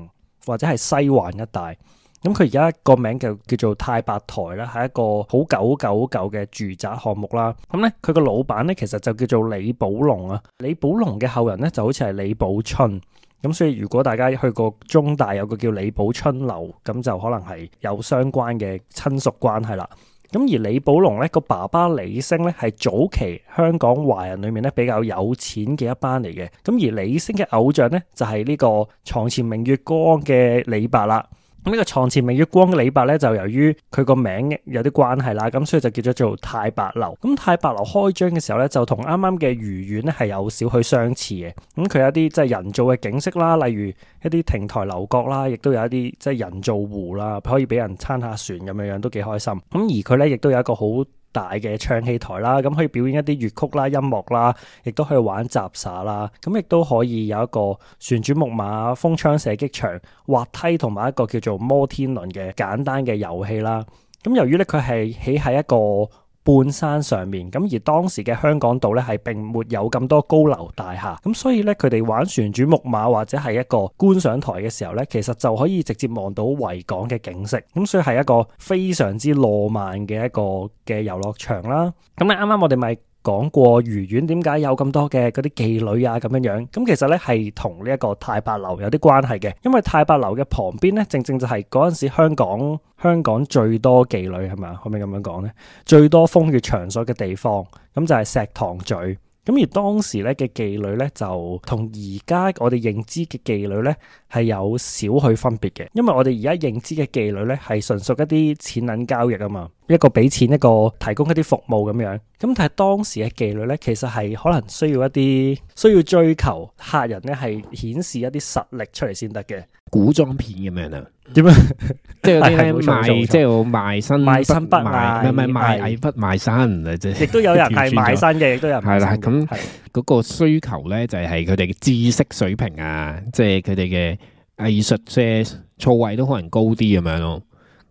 或者係西環一帶，咁佢而家個名叫叫做太白台啦，係一個好舊舊舊嘅住宅項目啦。咁呢，佢個老闆呢，其實就叫做李寶龍啊，李寶龍嘅後人呢，就好似係李寶春，咁所以如果大家去過中大有個叫李寶春樓，咁就可能係有相關嘅親屬關係啦。咁而李寶龍咧個爸爸李陞咧係早期香港華人裏面咧比較有錢嘅一班嚟嘅，咁而李陞嘅偶像咧就係呢個床前明月光嘅李白啦。呢個牀前明月光嘅李白咧，就由於佢個名有啲關係啦，咁所以就叫咗做太白樓。咁太白樓開張嘅時候咧，就同啱啱嘅愉園咧係有少許相似嘅。咁佢有啲即係人造嘅景色啦，例如一啲亭台樓閣啦，亦都有一啲即係人造湖啦，可以俾人撐下船咁樣樣都幾開心。咁而佢咧亦都有一個好大嘅唱戲台啦，咁可以表演一啲粵曲啦、音樂啦，亦都可以玩雜耍啦，咁亦都可以有一個旋轉木馬、風槍射擊場、滑梯同埋一個叫做摩天輪嘅簡單嘅遊戲啦。咁由於咧，佢係起喺一個。半山上面咁，而當時嘅香港島咧係並沒有咁多高樓大廈，咁所以咧佢哋玩旋轉木馬或者係一個觀賞台嘅時候咧，其實就可以直接望到維港嘅景色，咁所以係一個非常之浪漫嘅一個嘅遊樂場啦。咁咧啱啱我哋咪。講過魚丸點解有咁多嘅嗰啲妓女啊咁樣樣，咁其實咧係同呢一個太白樓有啲關係嘅，因為太白樓嘅旁邊咧，正正就係嗰陣時香港香港最多妓女係咪啊？可唔可以咁樣講咧？最多風月場所嘅地方，咁就係石塘咀。咁而當時咧嘅妓女咧，就同而家我哋認知嘅妓女咧係有少許分別嘅，因為我哋而家認知嘅妓女咧係純屬一啲錢銀交易啊嘛。一個俾錢，一個提供一啲服務咁樣。咁但係當時嘅妓女咧，其實係可能需要一啲需要追求客人咧，係顯示一啲實力出嚟先得嘅古裝片咁樣啊？點啊？即 係 說 賣即係賣身賣身不賣，唔係賣藝不賣身即亦都有人係賣身嘅，亦都有係啦。咁、嗯、嗰對個需求咧就係佢哋嘅知識水平啊，即係佢哋嘅藝術嘅造詣都可能高啲咁樣咯。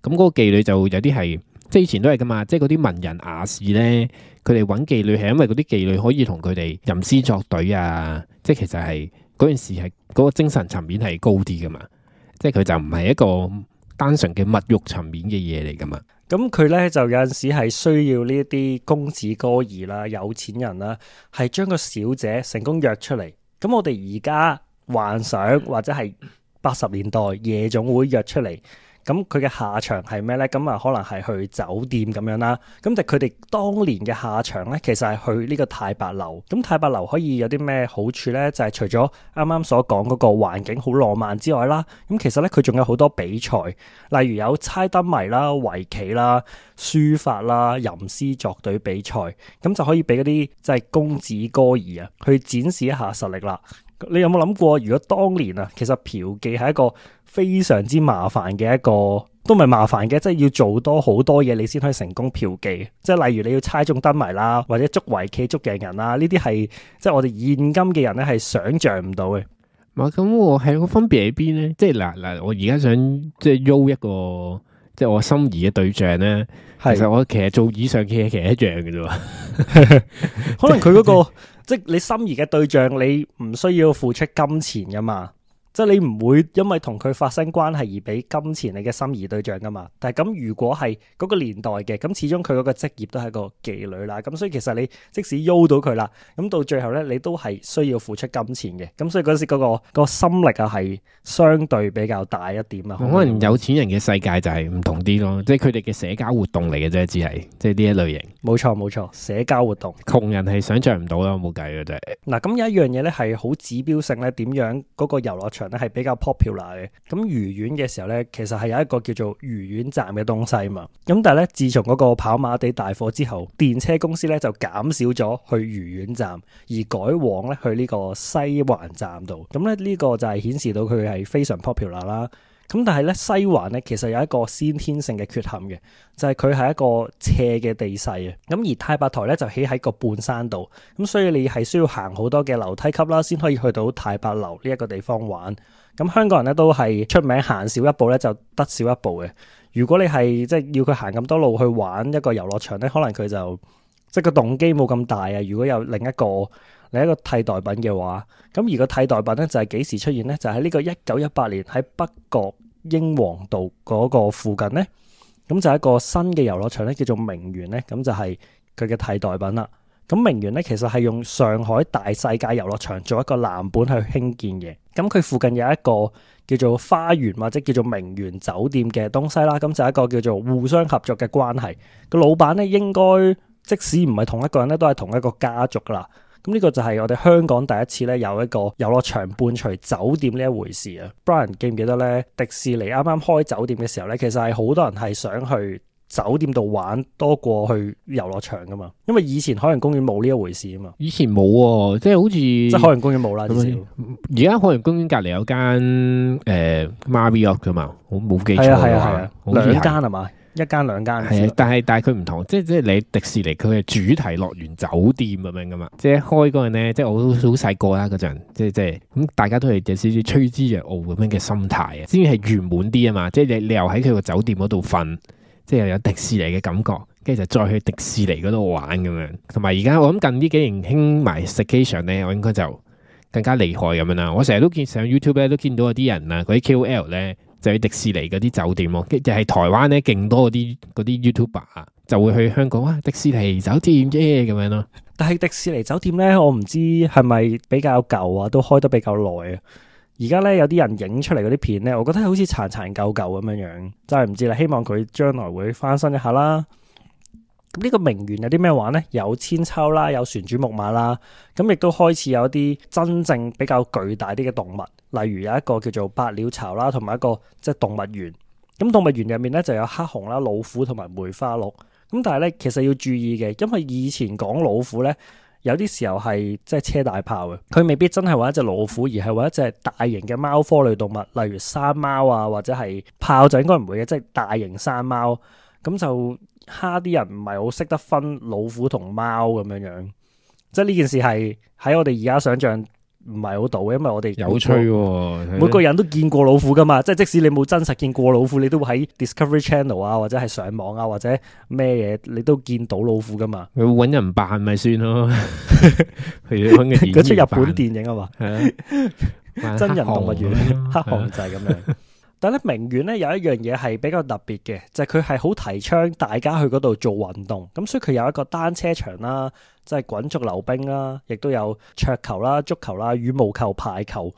咁嗰個妓女就有啲係。即係以前都係噶嘛，即係嗰啲文人雅士咧，佢哋揾妓女係因為嗰啲妓女可以同佢哋吟詩作對啊，即係其實係嗰陣時係嗰個精神層面係高啲噶嘛，即係佢就唔係一個單純嘅物欲層面嘅嘢嚟噶嘛。咁佢咧就有陣時係需要呢一啲公子哥兒啦、有錢人啦，係將個小姐成功約出嚟。咁我哋而家幻想或者係八十年代夜總會約出嚟。咁佢嘅下場係咩咧？咁啊，可能係去酒店咁樣啦。咁但佢哋當年嘅下場咧，其實係去呢個太白樓。咁太白樓可以有啲咩好處咧？就係除咗啱啱所講嗰個環境好浪漫之外啦。咁其實咧，佢仲有好多比賽，例如有猜燈謎啦、圍棋啦、書法啦、吟詩作對比賽，咁就可以俾嗰啲即係公子哥兒啊，去展示一下實力啦。你有冇諗過，如果當年啊，其實嫖妓係一個非常之麻煩嘅一個，都唔係麻煩嘅，即係要做多好多嘢，你先可以成功嫖妓。即係例如你要猜中燈謎啦，或者捉圍棋捉贏人啦，呢啲係即係我哋現今嘅人咧係想象唔到嘅。嘛，咁我係個分別喺邊咧？即係嗱嗱，我而家想即係約一個即係我心儀嘅對象咧。的其實我其實做以上嘅嘢其實一樣嘅啫， 可能佢嗰個。 即你心儀嘅對象，你唔需要付出金錢噶嘛。即係你唔會因為同佢發生關係而俾金錢你嘅心儀對象㗎嘛？但係咁如果係嗰個年代嘅咁，始終佢嗰個職業都係個妓女啦。咁所以其實你即使喐到佢啦，咁到最後咧，你都係需要付出金錢嘅。咁所以嗰時嗰、嗰個嗰個心力啊係相對比較大一點啊、嗯。可能有錢人嘅世界就係唔同啲咯，即係佢哋嘅社交活動嚟嘅啫，只係即係呢一類型。冇錯冇錯，社交活動。窮人係想象唔到啦，冇計嘅啫。嗱咁、啊、有一樣嘢咧係好指標性咧，點樣嗰個遊樂場？咧係比較 popular 嘅，咁愉園嘅時候呢，其實係有一個叫做愉園站嘅東西嘛，咁但係呢，自從嗰個跑馬地大火之後，電車公司呢就減少咗去愉園站，而改往呢去呢個西環站度，咁咧呢個就係顯示到佢係非常 popular 啦。咁但係咧，西環咧其實有一個先天性嘅缺陷嘅，就係佢係一個斜嘅地勢啊。咁而太白台咧就起喺個半山度，咁所以你係需要行好多嘅樓梯級啦，先可以去到太白樓呢一個地方玩。咁、嗯、香港人咧都係出名行少一步咧就得少一步嘅。如果你係即係要佢行咁多路去玩一個遊樂場咧，可能佢就即係個動機冇咁大啊。如果有另一個係一個替代品嘅話，咁而個替代品咧就係幾時出現咧？就喺呢個一九一八年喺北角英皇道嗰個附近咧，咁就係一個新嘅遊樂場咧，叫做名園咧。咁就係佢嘅替代品啦。咁名園咧，其實係用上海大世界遊樂場做一個藍本去興建嘅。咁佢附近有一個叫做花園或者叫做名園酒店嘅東西啦。咁就係一個叫做互相合作嘅關係。個老闆咧，應該即使唔係同一個人咧，都係同一個家族啦。咁呢個就係我哋香港第一次咧有一個遊樂場伴隨酒店呢一回事啊！Brian 記唔記得咧？迪士尼啱啱開酒店嘅時候咧，其實係好多人係想去酒店度玩多過去遊樂場噶嘛，因為以前海洋公園冇呢一回事啊嘛，以前冇喎、啊，即係好似即海洋公園冇啦，而家海洋公園隔離有間誒 Marriott 噶嘛，我冇記錯，係啊係啊，兩間係嘛？一間兩間係，的但係是但係佢唔同，即係即係你迪士尼佢係主題樂園酒店咁樣噶嘛，即係、嗯、開嗰陣咧，即、就、係、是、我好細個啦嗰陣，即係即係咁大家都係有少少趨之若鶩咁樣嘅心態啊，先係、嗯、圓滿啲啊嘛，即係你你又喺佢個酒店嗰度瞓，即係又有迪士尼嘅感覺，跟住就再去迪士尼嗰度玩咁樣。同埋而家我諗近呢幾年興埋 staycation 咧，我應該就更加厲害咁樣啦。我成日都見上 YouTube 咧都見到有啲人啊，嗰啲 KOL 呢。就迪士尼嗰啲酒店，即係台灣咧，勁多嗰啲啲 YouTuber 啊，you 就會去香港啊，迪士尼酒店啫咁樣咯。但係迪士尼酒店咧，我唔知係咪比較舊啊，都開得比較耐啊。而家咧有啲人影出嚟嗰啲片咧，我覺得好似殘殘舊舊咁樣樣，真係唔知啦。希望佢將來會翻新一下啦。呢個名園有啲咩玩呢？有千秋啦，有旋轉木馬啦，咁亦都開始有啲真正比較巨大啲嘅動物，例如有一個叫做百鳥巢啦，同埋一個即係動物園。咁動物園入面咧就有黑熊啦、老虎同埋梅花鹿。咁但係咧，其實要注意嘅，因為以前講老虎咧，有啲時候係即係車大炮嘅，佢未必真係話一隻老虎，而係話一隻大型嘅貓科類動物，例如山貓啊，或者係豹就應該唔會嘅，即係大型山貓咁就。哈！啲人唔係好識得分老虎同貓咁樣樣，即係呢件事係喺我哋而家想象唔係好到嘅，因為我哋有趣、啊，每個人都見過老虎噶嘛。的即係即使你冇真實見過老虎，你都會喺 Discovery Channel 啊，或者係上網啊，或者咩嘢，你都見到老虎噶嘛。佢搵人扮咪算咯，譬如 出日本電影啊嘛， 真人動物園、啊、黑熊仔咁樣。但咧，名園咧有一樣嘢係比較特別嘅，就係佢係好提倡大家去嗰度做運動，咁所以佢有一個單車場啦，即係滾軸溜冰啦，亦都有桌球啦、足球啦、羽毛球、排球，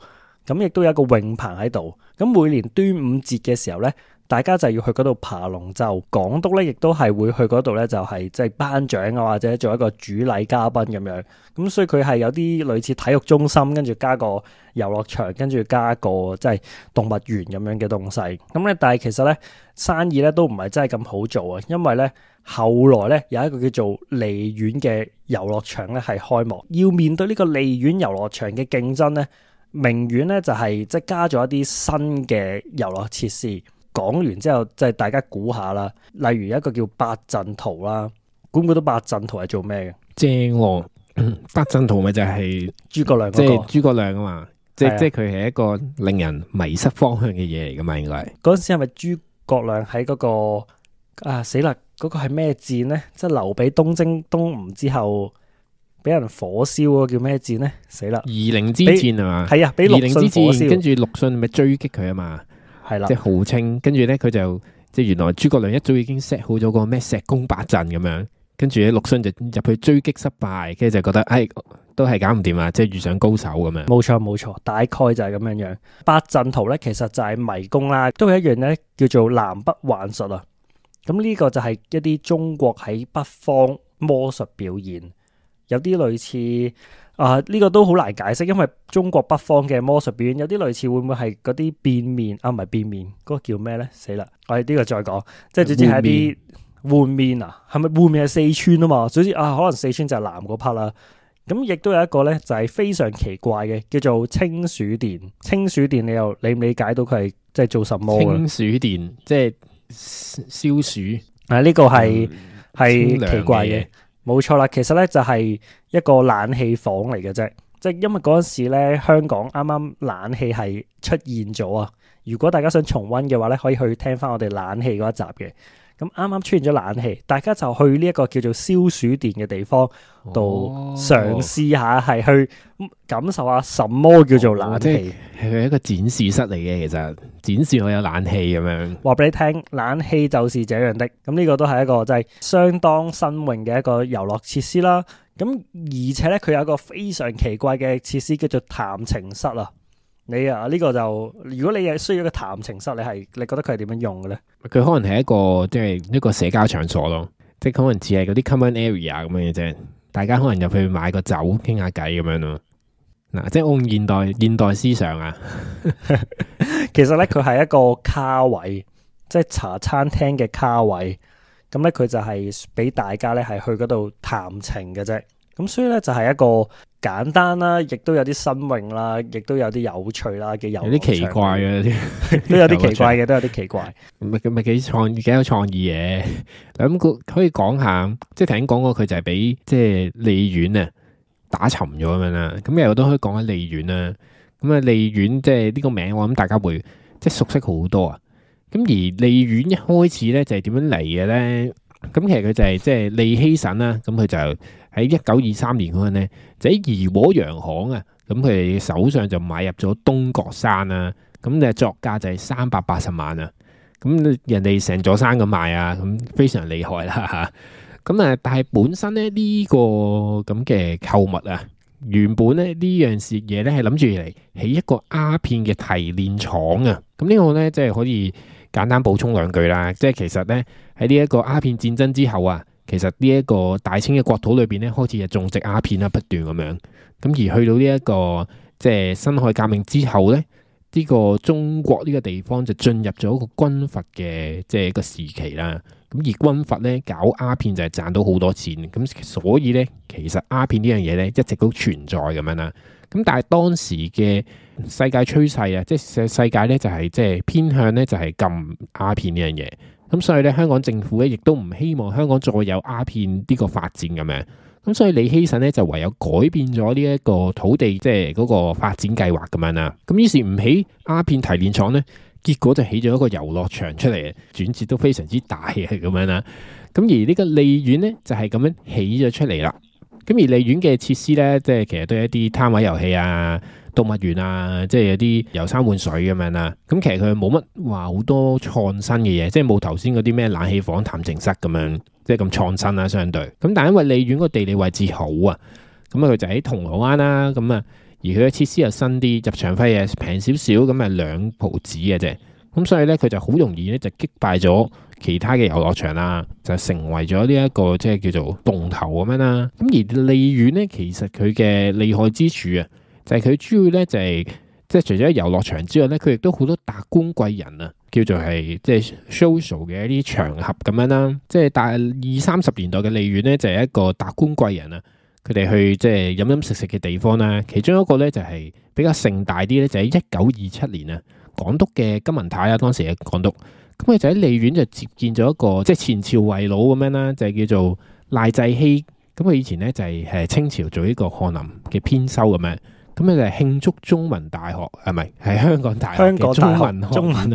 咁亦都有一個泳棚喺度。咁每年端午節嘅時候咧，大家就要去嗰度爬龍舟，港督咧亦都係會去嗰度咧，就係即係頒獎啊，或者做一個主禮嘉賓咁樣。咁所以佢係有啲類似體育中心，跟住加個遊樂場，跟住加個即係動物園咁樣嘅東西。咁咧，但係其實咧生意咧都唔係真係咁好做啊，因為咧後來咧有一個叫做荔園嘅遊樂場咧係開幕，要面對呢個荔園遊樂場嘅競爭咧，明園咧就係即係加咗一啲新嘅遊樂設施。講完之後就係、是、大家估下啦，例如一個叫八陣圖啦，估唔估到八陣圖係做咩嘅？正、哦，八陣圖咪就係、是、諸葛亮、那個，即係諸葛亮啊嘛，就是、啊即係即係佢係一個令人迷失方向嘅嘢嚟噶嘛，應該係。嗰陣時係咪諸葛亮喺嗰個啊死啦？嗰個係咩戰呢？即係劉備東征東吳之後，俾人火燒嗰，叫咩戰呢？死啦！夷陵之戰係嘛被？係嗎啊，俾陸遜火燒，跟住陸遜咪追擊佢啊嘛？係啦，即係號稱，跟住咧佢就即係原來諸葛亮一早已經 set 好咗個咩石宮八陣咁樣，跟住陸遜就入去追擊失敗，跟住就覺得唉、哎，都係搞唔掂啊，即係遇上高手咁樣。冇錯冇錯，大概就係咁樣樣。八陣圖咧其實就係迷宮啦，都有一樣咧叫做南北幻術啊。咁呢個就係一啲中國喺北方魔術表演，有啲類似。啊！呢、這個都好難解釋，因為中國北方嘅魔術表演有啲類似，會會，會唔會係嗰啲變面啊？唔係變面，嗰個叫咩咧？死啦！我哋呢個再講，即係總之係啲換面啊？係咪換面係四川啊嘛？總之啊，可能四川就係南嗰 part 啦。咁亦都有一個咧，就係、是、非常奇怪嘅，叫做青鼠電。青鼠電，你又理唔理解到佢係即係做什麼？青鼠電即係消暑啊？呢、這個係係、嗯、奇怪嘅。冇錯啦，其實咧就係一個冷氣房嚟嘅啫，即係因為嗰陣時咧香港啱啱冷氣係出現咗啊！如果大家想重溫嘅話咧，可以去聽翻我哋冷氣嗰一集嘅。咁啱啱出現咗冷氣，大家就去呢一個叫做消暑殿嘅地方度嘗試下，係去感受下什麼叫做冷氣。係、哦、一個展示室嚟嘅，其實展示我有冷氣咁樣。話俾你聽，冷氣就是這樣的。咁、這、呢個都係一個即係相當新穎嘅一個遊樂設施啦。咁而且咧，佢有一個非常奇怪嘅設施叫做談情室啊。你啊，呢個就如果你係需要個談情室，你係你覺得佢係點樣用嘅咧？佢可能係一個即係一個社交場所咯，即係可能只係有啲 common area 咁嘅嘢啫，大家可能入去買個酒傾下偈咁樣咯。嗱，即係按現代現代思想啊， 其實咧佢係一個卡位， 即係茶餐廳嘅卡位，咁咧佢就係俾大家咧係去嗰度談情嘅啫。咁所以咧就係、是、一個簡單啦，亦都有啲新穎啦，亦都有啲有趣啦嘅，有啲奇怪嘅，都 有啲奇怪嘅，都有啲奇怪。唔係唔係幾創幾有創意嘅。咁 佢可以講下，即係頭先講過佢就係俾即係利園啊打沉咗咁樣啦。咁又都可以講下利園啦。咁啊利園即係呢個名，我諗大家會即係、就是、熟悉好多啊。咁而利園一開始咧就係、是、點樣嚟嘅咧？咁其實佢就係即係利希慎啦。咁佢就。喺一九二三年嗰陣咧，就喺怡和洋行啊，咁佢哋手上就買入咗東角山啊，咁嘅作價就係三百八十萬啊，咁人哋成座山咁賣啊，咁非常厲害啦嚇。咁啊，但係本身咧呢個咁嘅購物啊，原本咧呢樣事嘢咧係諗住嚟起一個鴉片嘅提煉廠啊，咁呢個咧即係可以簡單補充兩句啦。即係其實咧喺呢一個鴉片戰爭之後啊。其實呢一個大清嘅國土裏邊咧，開始就種植鴉片啦，不斷咁樣。咁而去到呢一個即係辛亥革命之後咧，呢個中國呢個地方就進入咗一個軍閥嘅即係一個時期啦。咁而軍閥咧搞鴉片就係賺到好多錢。咁所以咧，其實鴉片呢樣嘢咧一直都存在咁樣啦。咁但係當時嘅世界趨勢啊，即係世界咧就係即係偏向咧就係禁鴉片呢樣嘢。咁所以咧，香港政府咧亦都唔希望香港再有鴉片呢個發展咁樣。咁所以李希慎咧就唯有改變咗呢一個土地，即係嗰個發展計劃咁樣啦。咁於是唔起鴉片提煉廠咧，結果就起咗一個遊樂場出嚟，轉折都非常之大啊咁樣啦。咁而呢個利園咧就係咁樣起咗出嚟啦。咁而利園嘅設施咧，即係其實都係一啲攤位遊戲啊。動物園啊，即係有啲遊山玩水咁樣啦。咁其實佢冇乜話好多創新嘅嘢，即係冇頭先嗰啲咩冷氣房、談情室咁樣，即係咁創新啦。相對，咁但係因為利園個地理位置好啊，咁啊佢就喺銅鑼灣啦、啊，咁啊而佢嘅設施又新啲，入場費又平少少，咁啊兩毫子嘅啫。咁所以咧，佢就好容易咧就擊敗咗其他嘅遊樂場啦、啊，就成為咗呢一個即係叫做動頭咁樣啦、啊。咁而利園咧，其實佢嘅利害之處啊～就係佢主要咧、就是，就係即係除咗遊樂場之外咧，佢亦都好多達官貴人啊，叫做係即係 social 嘅一啲場合咁樣啦。即係大二三十年代嘅利苑咧，就係、是、一個達官貴人啊，佢哋去即係飲飲食食嘅地方啦。其中一個咧就係比較盛大啲咧，就喺一九二七年啊，港督嘅金文泰啊，當時嘅港督咁佢就喺利苑就接見咗一個即係、就是、前朝遺老咁樣啦，就係、是、叫做賴濟熙，咁佢以前咧就係誒清朝做一個翰林嘅編修咁樣。咁你哋係慶祝中文大學係咪？係、啊、香港大學嘅中文學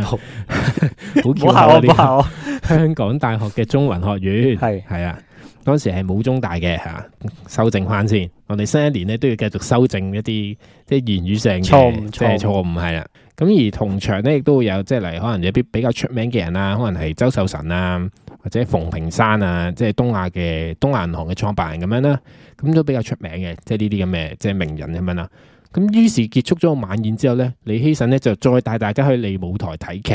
好見到啲校香港大學嘅中, 中文學院係係啊！當時係冇中大嘅嚇，修正翻先。我哋新一年咧都要繼續修正一啲即係言語上嘅錯,錯,錯誤，即係錯誤係啦。咁而同場咧亦都會有即係嚟，可能有啲比較出名嘅人啊，可能係周壽臣啊，或者馮平山啊，即係東亞嘅東亞銀行嘅創辦人咁樣啦。咁都比較出名嘅，即係呢啲咁嘅即係名人咁樣啦。咁於是結束咗個晚宴之後咧，利希慎咧就再帶大家去利舞台睇劇，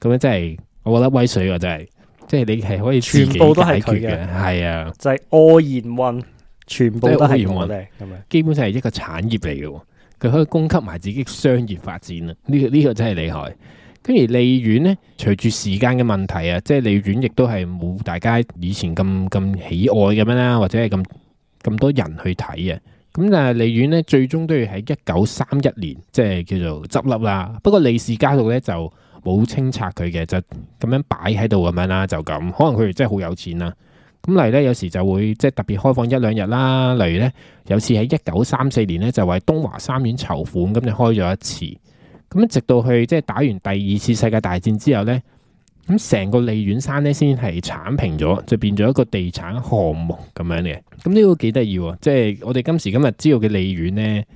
咁樣真係我覺得威水啊！真係，即係你係可以解決全部都係佢嘅，係啊，就係阿言運，全部都係我哋咁基本上係一個產業嚟嘅，佢可以供給埋自己商業發展啊！呢、這個呢、這個真係厲害。跟住利園咧，隨住時間嘅問題啊，即係利園亦都係冇大家以前咁咁喜愛咁樣啦，或者係咁咁多人去睇啊。咁但係，利園咧最終都要喺一九三一年，即係叫做執笠啦。不過利氏家族咧就冇清拆佢嘅，就咁樣擺喺度咁樣啦，就咁。可能佢哋真係好有錢啦。咁嚟咧，有時就會即係特別開放一兩日啦。例如咧，有次喺一九三四年咧，就為東華三院籌款，咁就開咗一次。咁直到去即係打完第二次世界大戰之後咧。咁成個利園山咧，先係剷平咗，就變咗一個地產項目咁樣嘅。咁呢個幾得意喎，即係我哋今時今日知道嘅利園咧，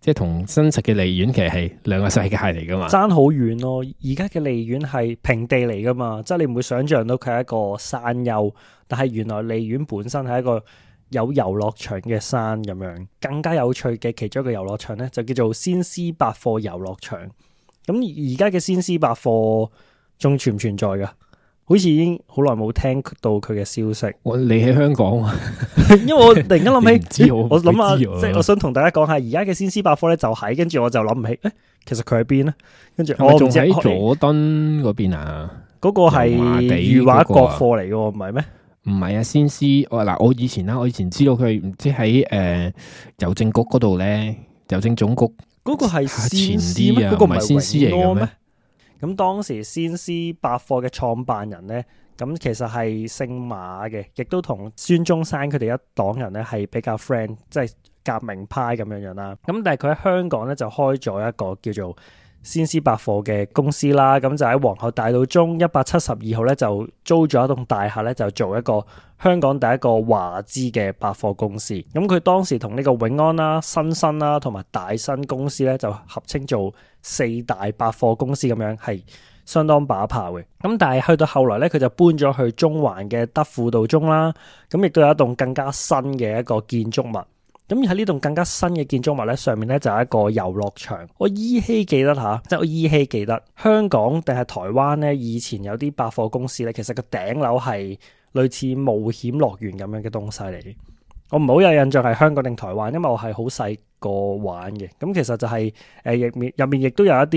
即係同真實嘅利園其實係兩個世界嚟噶嘛。爭好遠咯、哦，而家嘅利園係平地嚟噶嘛，即係你唔會想象到佢係一個山丘。但係原來利園本身係一個有遊樂場嘅山咁樣。更加有趣嘅其中一個遊樂場咧，就叫做先施百貨遊樂場。咁而家嘅先施百貨。仲存唔存在噶？好似已經好耐冇聽到佢嘅消息。我你喺香港啊， 因為我突然間諗起、， 啊、起，我諗下，即係我想同大家講下，而家嘅先施百貨咧就喺。跟住我就諗唔起誒、欸，其實佢喺邊咧？跟住我仲喺佐敦嗰邊啊？嗰個係裕華國貨嚟嘅，唔係咩？唔係啊，先施、啊，嗱我以前啦、啊啊，我以前知道佢唔知喺誒郵政局嗰度咧，郵、呃、政總局嗰個係先施啊，嗰個唔係先施嚟嘅咩？咁當時先施百貨嘅創辦人咧，咁其實係姓馬嘅，亦都同孫中山佢哋一黨人咧係比較 friend，即係革命派咁樣樣啦。咁但係佢喺香港咧就開咗一個叫做先施百貨嘅公司啦。咁就喺皇后大道中一百七十二號咧就租咗一棟大廈咧就做一個香港第一個華資嘅百貨公司。咁佢當時同呢個永安啦、新新啦同埋大新公司咧就合稱做四大百貨公司咁樣係相當把炮嘅咁，但係去到後來咧，佢就搬咗去中環嘅德輔道中啦。咁亦都有一棟更加新嘅一個建築物。咁喺呢棟更加新嘅建築物咧，上面咧就係一個遊樂場。我依稀記得嚇，即係我依稀記得香港定係台灣咧，以前有啲百貨公司咧，其實個頂樓係類似冒險樂園咁樣嘅東西嚟嘅。我唔好有印象係香港定台灣，因為我係好細。個玩嘅，咁其實就係誒入面，入面亦都有一啲，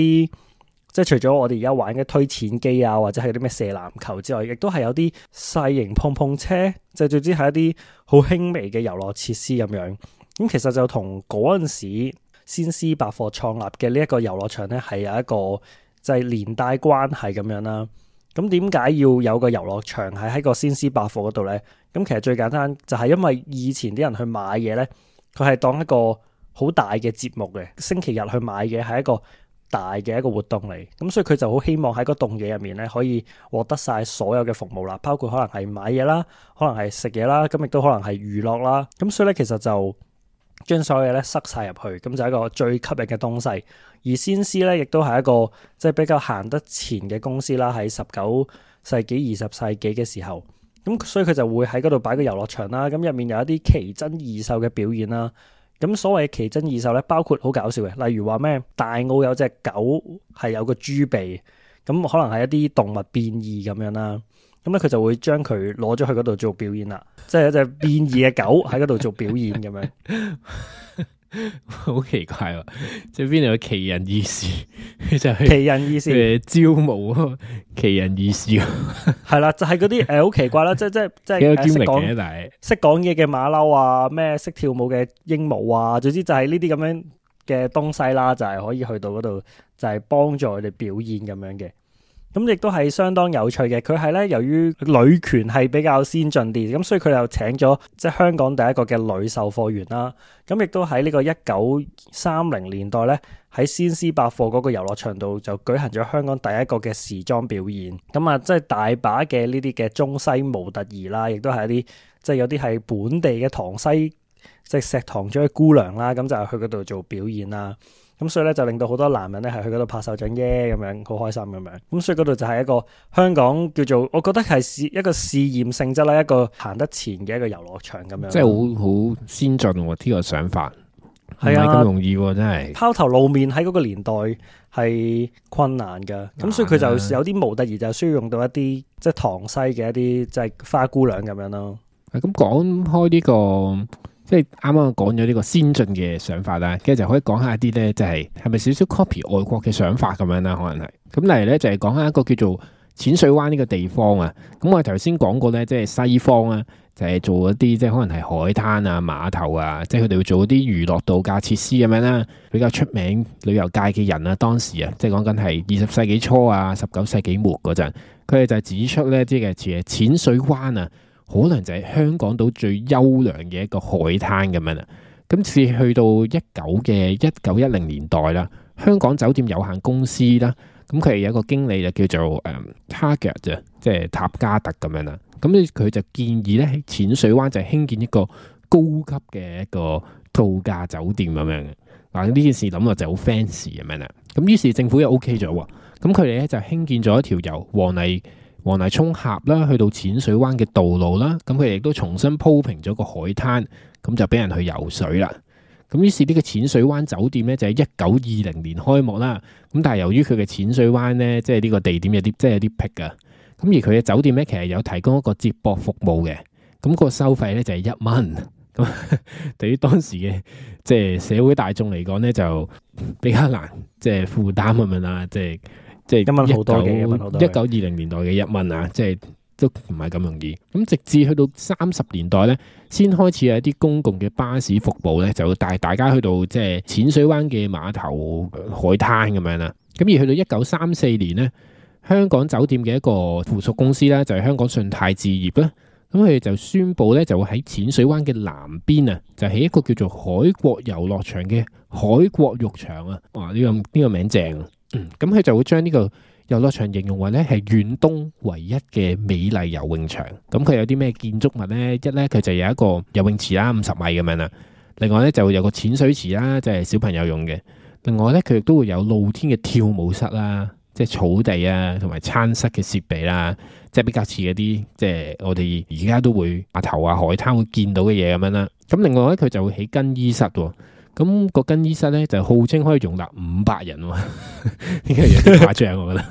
即係除咗我哋而家玩嘅推錢機啊，或者係啲咩射籃球之外，亦都係有啲細型碰碰車，即係總之係一啲好輕微嘅遊樂設施咁樣。咁其實就同嗰陣時先施百貨創立嘅呢一,一個遊樂場咧，係有一個就係連帶關係咁樣啦。咁點解要有個遊樂場喺喺個先施百貨嗰度咧？咁其實最簡單就係因為以前啲人去買嘢咧，佢係當一個。好大嘅節目嘅，星期日去買嘅係一個大嘅一個活動嚟，咁、嗯、所以佢就好希望喺個棟嘢入面咧可以獲得晒所有嘅服務啦，包括可能係買嘢啦，可能係食嘢啦，咁、嗯、亦都可能係娛樂啦，咁、嗯、所以咧其實就將所有嘢咧塞晒入去，咁、嗯、就係、一個最吸引嘅東西。而先施咧亦都係一個即係、就係、比較行得前嘅公司啦，喺十九世紀二十世紀嘅時候，咁、嗯、所以佢就會喺嗰度擺個遊樂場啦，咁、嗯、入面有一啲奇珍異獸嘅表演啦。咁所謂奇珍異獸咧，包括好搞笑嘅，例如話咩大澳有隻狗係有個豬鼻，咁可能係一啲動物變異咁樣啦，咁咧佢就會將佢攞咗去嗰度做表演啦，即係一隻變異嘅狗喺嗰度做表演咁樣。 好 奇怪喎，即係邊度有奇人異士？就係奇人異士，招募奇人異士，係啦，就係嗰啲誒，好奇怪啦，即係即係即係識講嘅，識講嘢嘅馬騮啊，咩識跳舞嘅鸚鵡啊，總之就係呢啲咁樣嘅東西啦，就係、是、可以去到嗰度，就係幫助佢哋表演咁樣嘅。咁亦都係相當有趣嘅，佢係咧由於女權係比較先進啲，咁所以佢又請咗即係香港第一個嘅女售貨員啦。咁亦都喺呢個一九三零年代咧，喺先施百貨嗰個遊樂場度就舉行咗香港第一個嘅時裝表演。咁啊，即係大把嘅呢啲嘅中西模特兒啦，亦都係一啲即係有啲係本地嘅唐西即係、就是、石塘咀嘅姑娘啦，咁就係去嗰度做表演啦。咁所以咧就令到好多男人咧係去嗰度拍手掌嘅，咁樣好開心咁樣。咁所以嗰度就係一個香港叫做，我覺得係試一個試驗性質咧，一個行得前嘅一個遊樂場咁樣。即係好好先進呢、啊這個想法，唔係咁容易、啊、真係。拋頭露面喺嗰個年代係困難噶，咁、啊、所以佢就有啲模特兒就需要用到一啲即係唐西嘅一啲即係花姑娘咁樣咯。咁講、嗯、開呢、這個。即係啱啱講咗呢個先進嘅想法啦，跟住就可以講下啲呢，就係係咪少少 copy 外國嘅想法咁樣啦？可能係咁，例如呢，就係講下一個叫做淺水灣呢個地方啊。咁我哋頭先講過呢，即係西方啊，就係做一啲即係可能係海灘啊、碼頭啊，即係佢哋會做一啲娛樂度假設施咁樣啦。比較出名旅遊界嘅人啊，當時啊，即係講緊係二十世紀初啊，十九世紀末嗰陣，佢哋就係指出呢啲嘅即係淺水灣啊。可能就係香港島最優良嘅一個海灘咁樣啦。咁至去到一九嘅一九一零年代啦，香港酒店有限公司啦，咁佢哋有一個經理就叫做誒、嗯、Target 啫，即係塔加特咁樣啦。咁佢就建議咧，淺水灣就係興建一個高級嘅一個度假酒店咁樣嘅。嗱，呢件事諗落就好 fancy 咁樣啦。咁於是政府又 OK 咗喎，咁佢哋咧就興建咗一條由黃泥黃泥涌峽啦，去到淺水灣嘅道路啦，咁佢亦都重新鋪平咗個海灘，咁就俾人去游水啦。咁於是呢個淺水灣酒店咧就喺一九二零年開幕啦。咁但係由於佢嘅淺水灣咧，即係呢個地點有啲即係有啲僻㗎。咁而佢嘅酒店咧，其實有提供一個接駁服務嘅。咁個收費咧就係一蚊。咁 對於當時嘅即係社會大眾嚟講咧，就比較難即係負擔咁樣啦，即係即係一九一九二零年代嘅一蚊啊，一 away. 即係都唔係咁容易。咁直至去到三十年代咧，先開始有一啲公共嘅巴士服務咧，就帶大家去到即係淺水灣嘅碼頭海灘咁樣啦。咁而去到一九三四年咧，香港酒店嘅一個附屬公司咧，就係、是、香港信泰置業啦。咁佢哋就宣布咧，就會喺淺水灣嘅南邊啊，就起一個叫做海國遊樂場嘅海國浴場啊。哇！呢、這個呢、這個名正。嗯，咁佢就會將呢個遊樂場形容為咧係遠東唯一嘅美麗游泳場。咁佢有啲咩建築物呢？一呢，佢就有一個游泳池啦，五十米咁樣啦。另外呢，就會有個淺水池啦，就係、是、小朋友用嘅。另外呢，佢亦都會有露天嘅跳舞室啦，即係草地啊，同埋餐室嘅設備啦、啊，即係比較似一啲即係我哋而家都會碼頭啊、海灘會見到嘅嘢咁樣啦。咁、嗯、另外呢，佢就會起更衣室。咁個更衣室咧就號稱可以容納五百人喎，呢 個有啲誇張我覺得。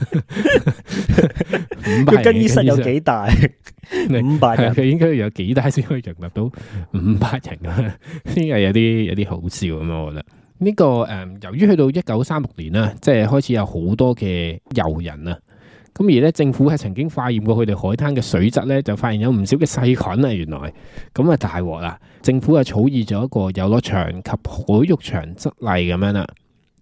五百人更衣室有幾大？五百人佢應該有幾大先可以容納到五百人啊？呢個有啲有啲好笑咁啊！我覺得呢個誒，由於去到一九三六年啦，即係開始有好多嘅遊人啊。咁而咧，政府係曾經化驗過佢哋海灘嘅水質咧，就發現有唔少嘅細菌啊！原來咁啊，大鑊啦！政府啊，草擬咗一個遊樂場及海浴場則例咁樣啦，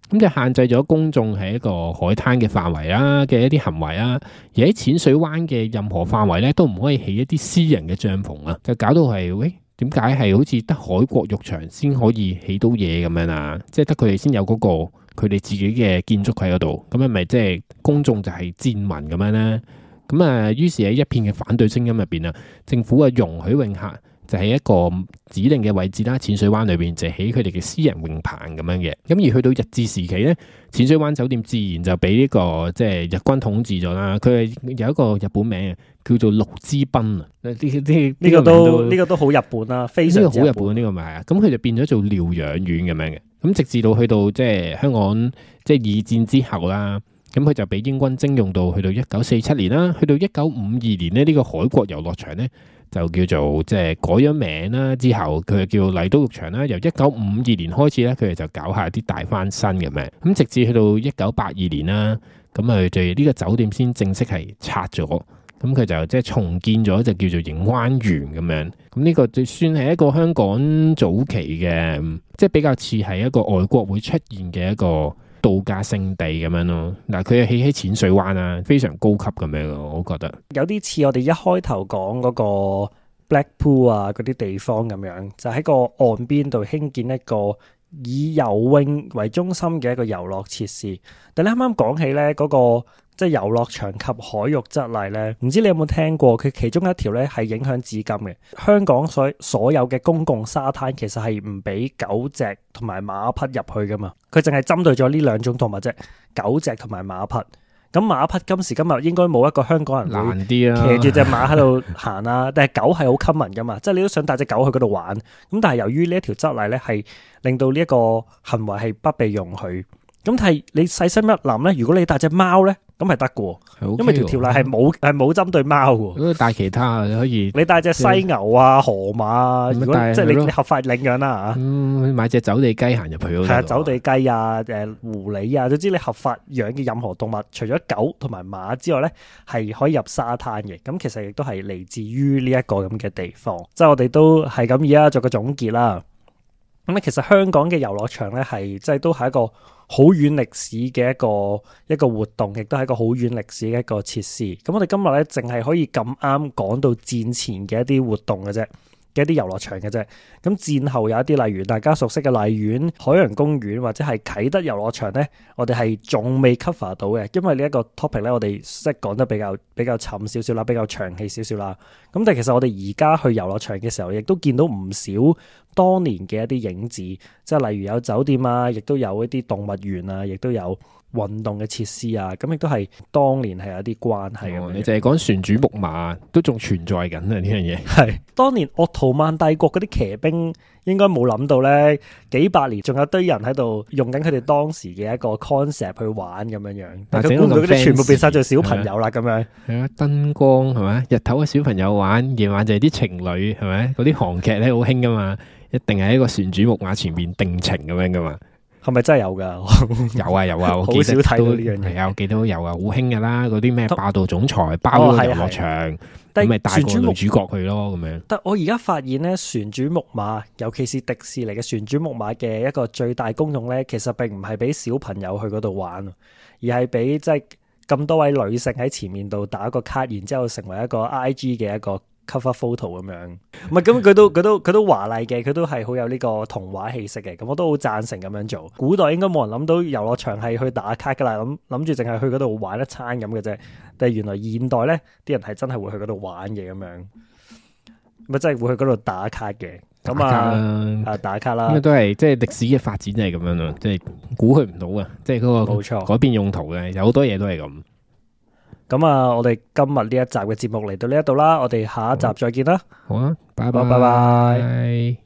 咁就限制咗公眾喺一個海灘嘅範圍啦、啊、嘅一啲行為啦、啊，而喺淺水灣嘅任何範圍咧，都唔可以起一啲私人嘅帳篷啊，就搞到係喂。點解係好似得海國浴場先可以起到嘢咁樣啊？即係得佢哋先有嗰個佢哋自己嘅建築喺嗰度，咁係咪即係公眾就係賤民咁樣呢？咁啊，於是喺一片嘅反對聲音入邊啊，政府啊容許泳客。就喺一個指定嘅位置啦，淺水灣裏邊就起佢哋嘅私人泳棚咁樣嘅。咁而去到日治時期咧，淺水灣酒店自然就俾呢、這個即係、就是、日軍統治咗啦。佢係有一個日本名叫做綠之濱啊。呢、這、啲、個這個、個都呢、這個都好日本啦、啊，非常好日本呢個咪係啊。咁佢就變咗做療養院咁樣嘅。咁直至到去到即係、就是、香港即係、就是、二戰之後啦，咁佢就俾英軍徵用到去到一九四七年啦，去到一九五二年呢，呢、這個海國遊樂場咧。就叫做即係、就是、改咗名啦，之後佢就叫麗都浴場啦。由一九五二年開始咧，佢哋就搞下啲大翻新嘅咩，咁直至去到一九八二年啦，咁佢哋呢個酒店先正式係拆咗，咁佢就即係重建咗，就叫做盈灣園咁樣。咁、這、呢個就算係一個香港早期嘅，即、就、係、是、比較似係一個外國會出現嘅一個。度假勝地咁樣咯，嗱佢係起喺淺水灣啊，非常高級咁樣，我覺得有啲似我哋一開頭講嗰個 Blackpool 啊嗰啲地方咁樣，就喺、是、個岸邊度興建一個以游泳為中心嘅一個遊樂設施。但你啱啱講起咧、那、嗰個。即係遊樂場及海域質例咧，唔知你有冇聽過？佢其中一條咧係影響至今嘅。香港所所有嘅公共沙灘其實係唔俾狗隻同埋馬匹入去噶嘛。佢淨係針對咗呢兩種動物啫，狗隻同埋馬匹。咁馬匹今時今日應該冇一個香港人難啲啦、啊，騎住隻馬喺度行啦，但係狗係好 common 噶嘛，即係你都想帶隻狗去嗰度玩。咁但係由於呢一條質例咧，係令到呢一個行為係不被容許。咁但係你細心一諗咧，如果你帶隻貓咧，咁係得嘅喎，因為條條例係冇係冇針對貓喎。如果帶其他你可以，你帶隻犀牛啊、河馬啊，不如果是即係你，你合法領養啦、啊、嚇。嗯，買隻走地雞行入去嗰度。係啊，走地雞啊，誒、呃、狐狸啊，總之你合法養嘅任何動物，除咗狗同埋馬之外咧，係可以入沙灘嘅。咁其實亦都係嚟自於呢一個咁嘅地方。即係我哋都係咁而家作個總結啦。咁咧其實香港嘅遊樂場咧係即係都係一個。好遠歷史嘅一個一個活動，亦都係一個好遠歷史嘅一個設施。咁我哋今日呢淨係可以咁啱講到戰前嘅一啲活動嘅啫，嘅一啲遊樂場嘅啫，咁戰後有一啲，例如大家熟悉嘅荔園、海洋公園或者係啟德遊樂場咧，我哋係仲未 cover 到嘅，因為呢一個 topic 咧，我哋即係講得比較比較沉少少啦，比較長氣少少啦。咁但係其實我哋而家去遊樂場嘅時候，亦都見到唔少當年嘅一啲影子，即係例如有酒店啊，亦都有一啲動物園啊，亦都有運動嘅設施啊，咁亦都係當年係有啲關係。哦。你就係講旋轉木馬都仲存在緊啊呢樣嘢。係 當年奧圖曼帝國嗰啲騎兵應該冇諗到咧，幾百年仲有一堆人喺度用緊佢哋當時嘅一個 concept 去玩咁樣樣。但係整到全部變曬做小朋友啦咁、啊、樣。係啊，燈光係咪？日頭嘅小朋友玩，夜晚就係啲情侶係咪？嗰啲韓劇咧，好興噶嘛，一定喺一個旋轉木馬前面定情咁樣噶嘛。係咪真係有噶？ 有啊有啊，我好 少睇呢樣嘢。我記得有啊，好興噶啦。嗰啲咩霸道總裁包遊樂場咁咪帶個女主角去咯咁是樣。但我而家發現咧，旋轉木馬尤其是迪士尼嘅旋轉木馬嘅一個最大功用咧，其實並唔係俾小朋友去嗰度玩，而係俾即係咁多位女性喺前面度打一個卡，然之後成為一個 I G 嘅一個。cover photo 咁樣，唔係咁佢都佢都佢都華麗嘅，佢都係好有呢個童話氣息嘅，咁我都好讚成咁樣做。古代應該冇人諗到遊樂場係去打卡噶啦，諗諗住淨係去嗰度玩一餐咁嘅啫，但係原來現代咧，啲人係真係會去嗰度玩嘅咁樣，咪真係會去嗰度打卡嘅。咁啊啊打卡啦，啊啊、卡啦都係即係歷史嘅發展就係咁樣咯，即係估佢唔到啊，即係嗰、個冇錯，改變用途嘅，有好多嘢都係咁。咁啊！我哋今日呢一集嘅節目嚟到呢一度啦，我哋下一集再見啦。好啊，拜拜拜拜。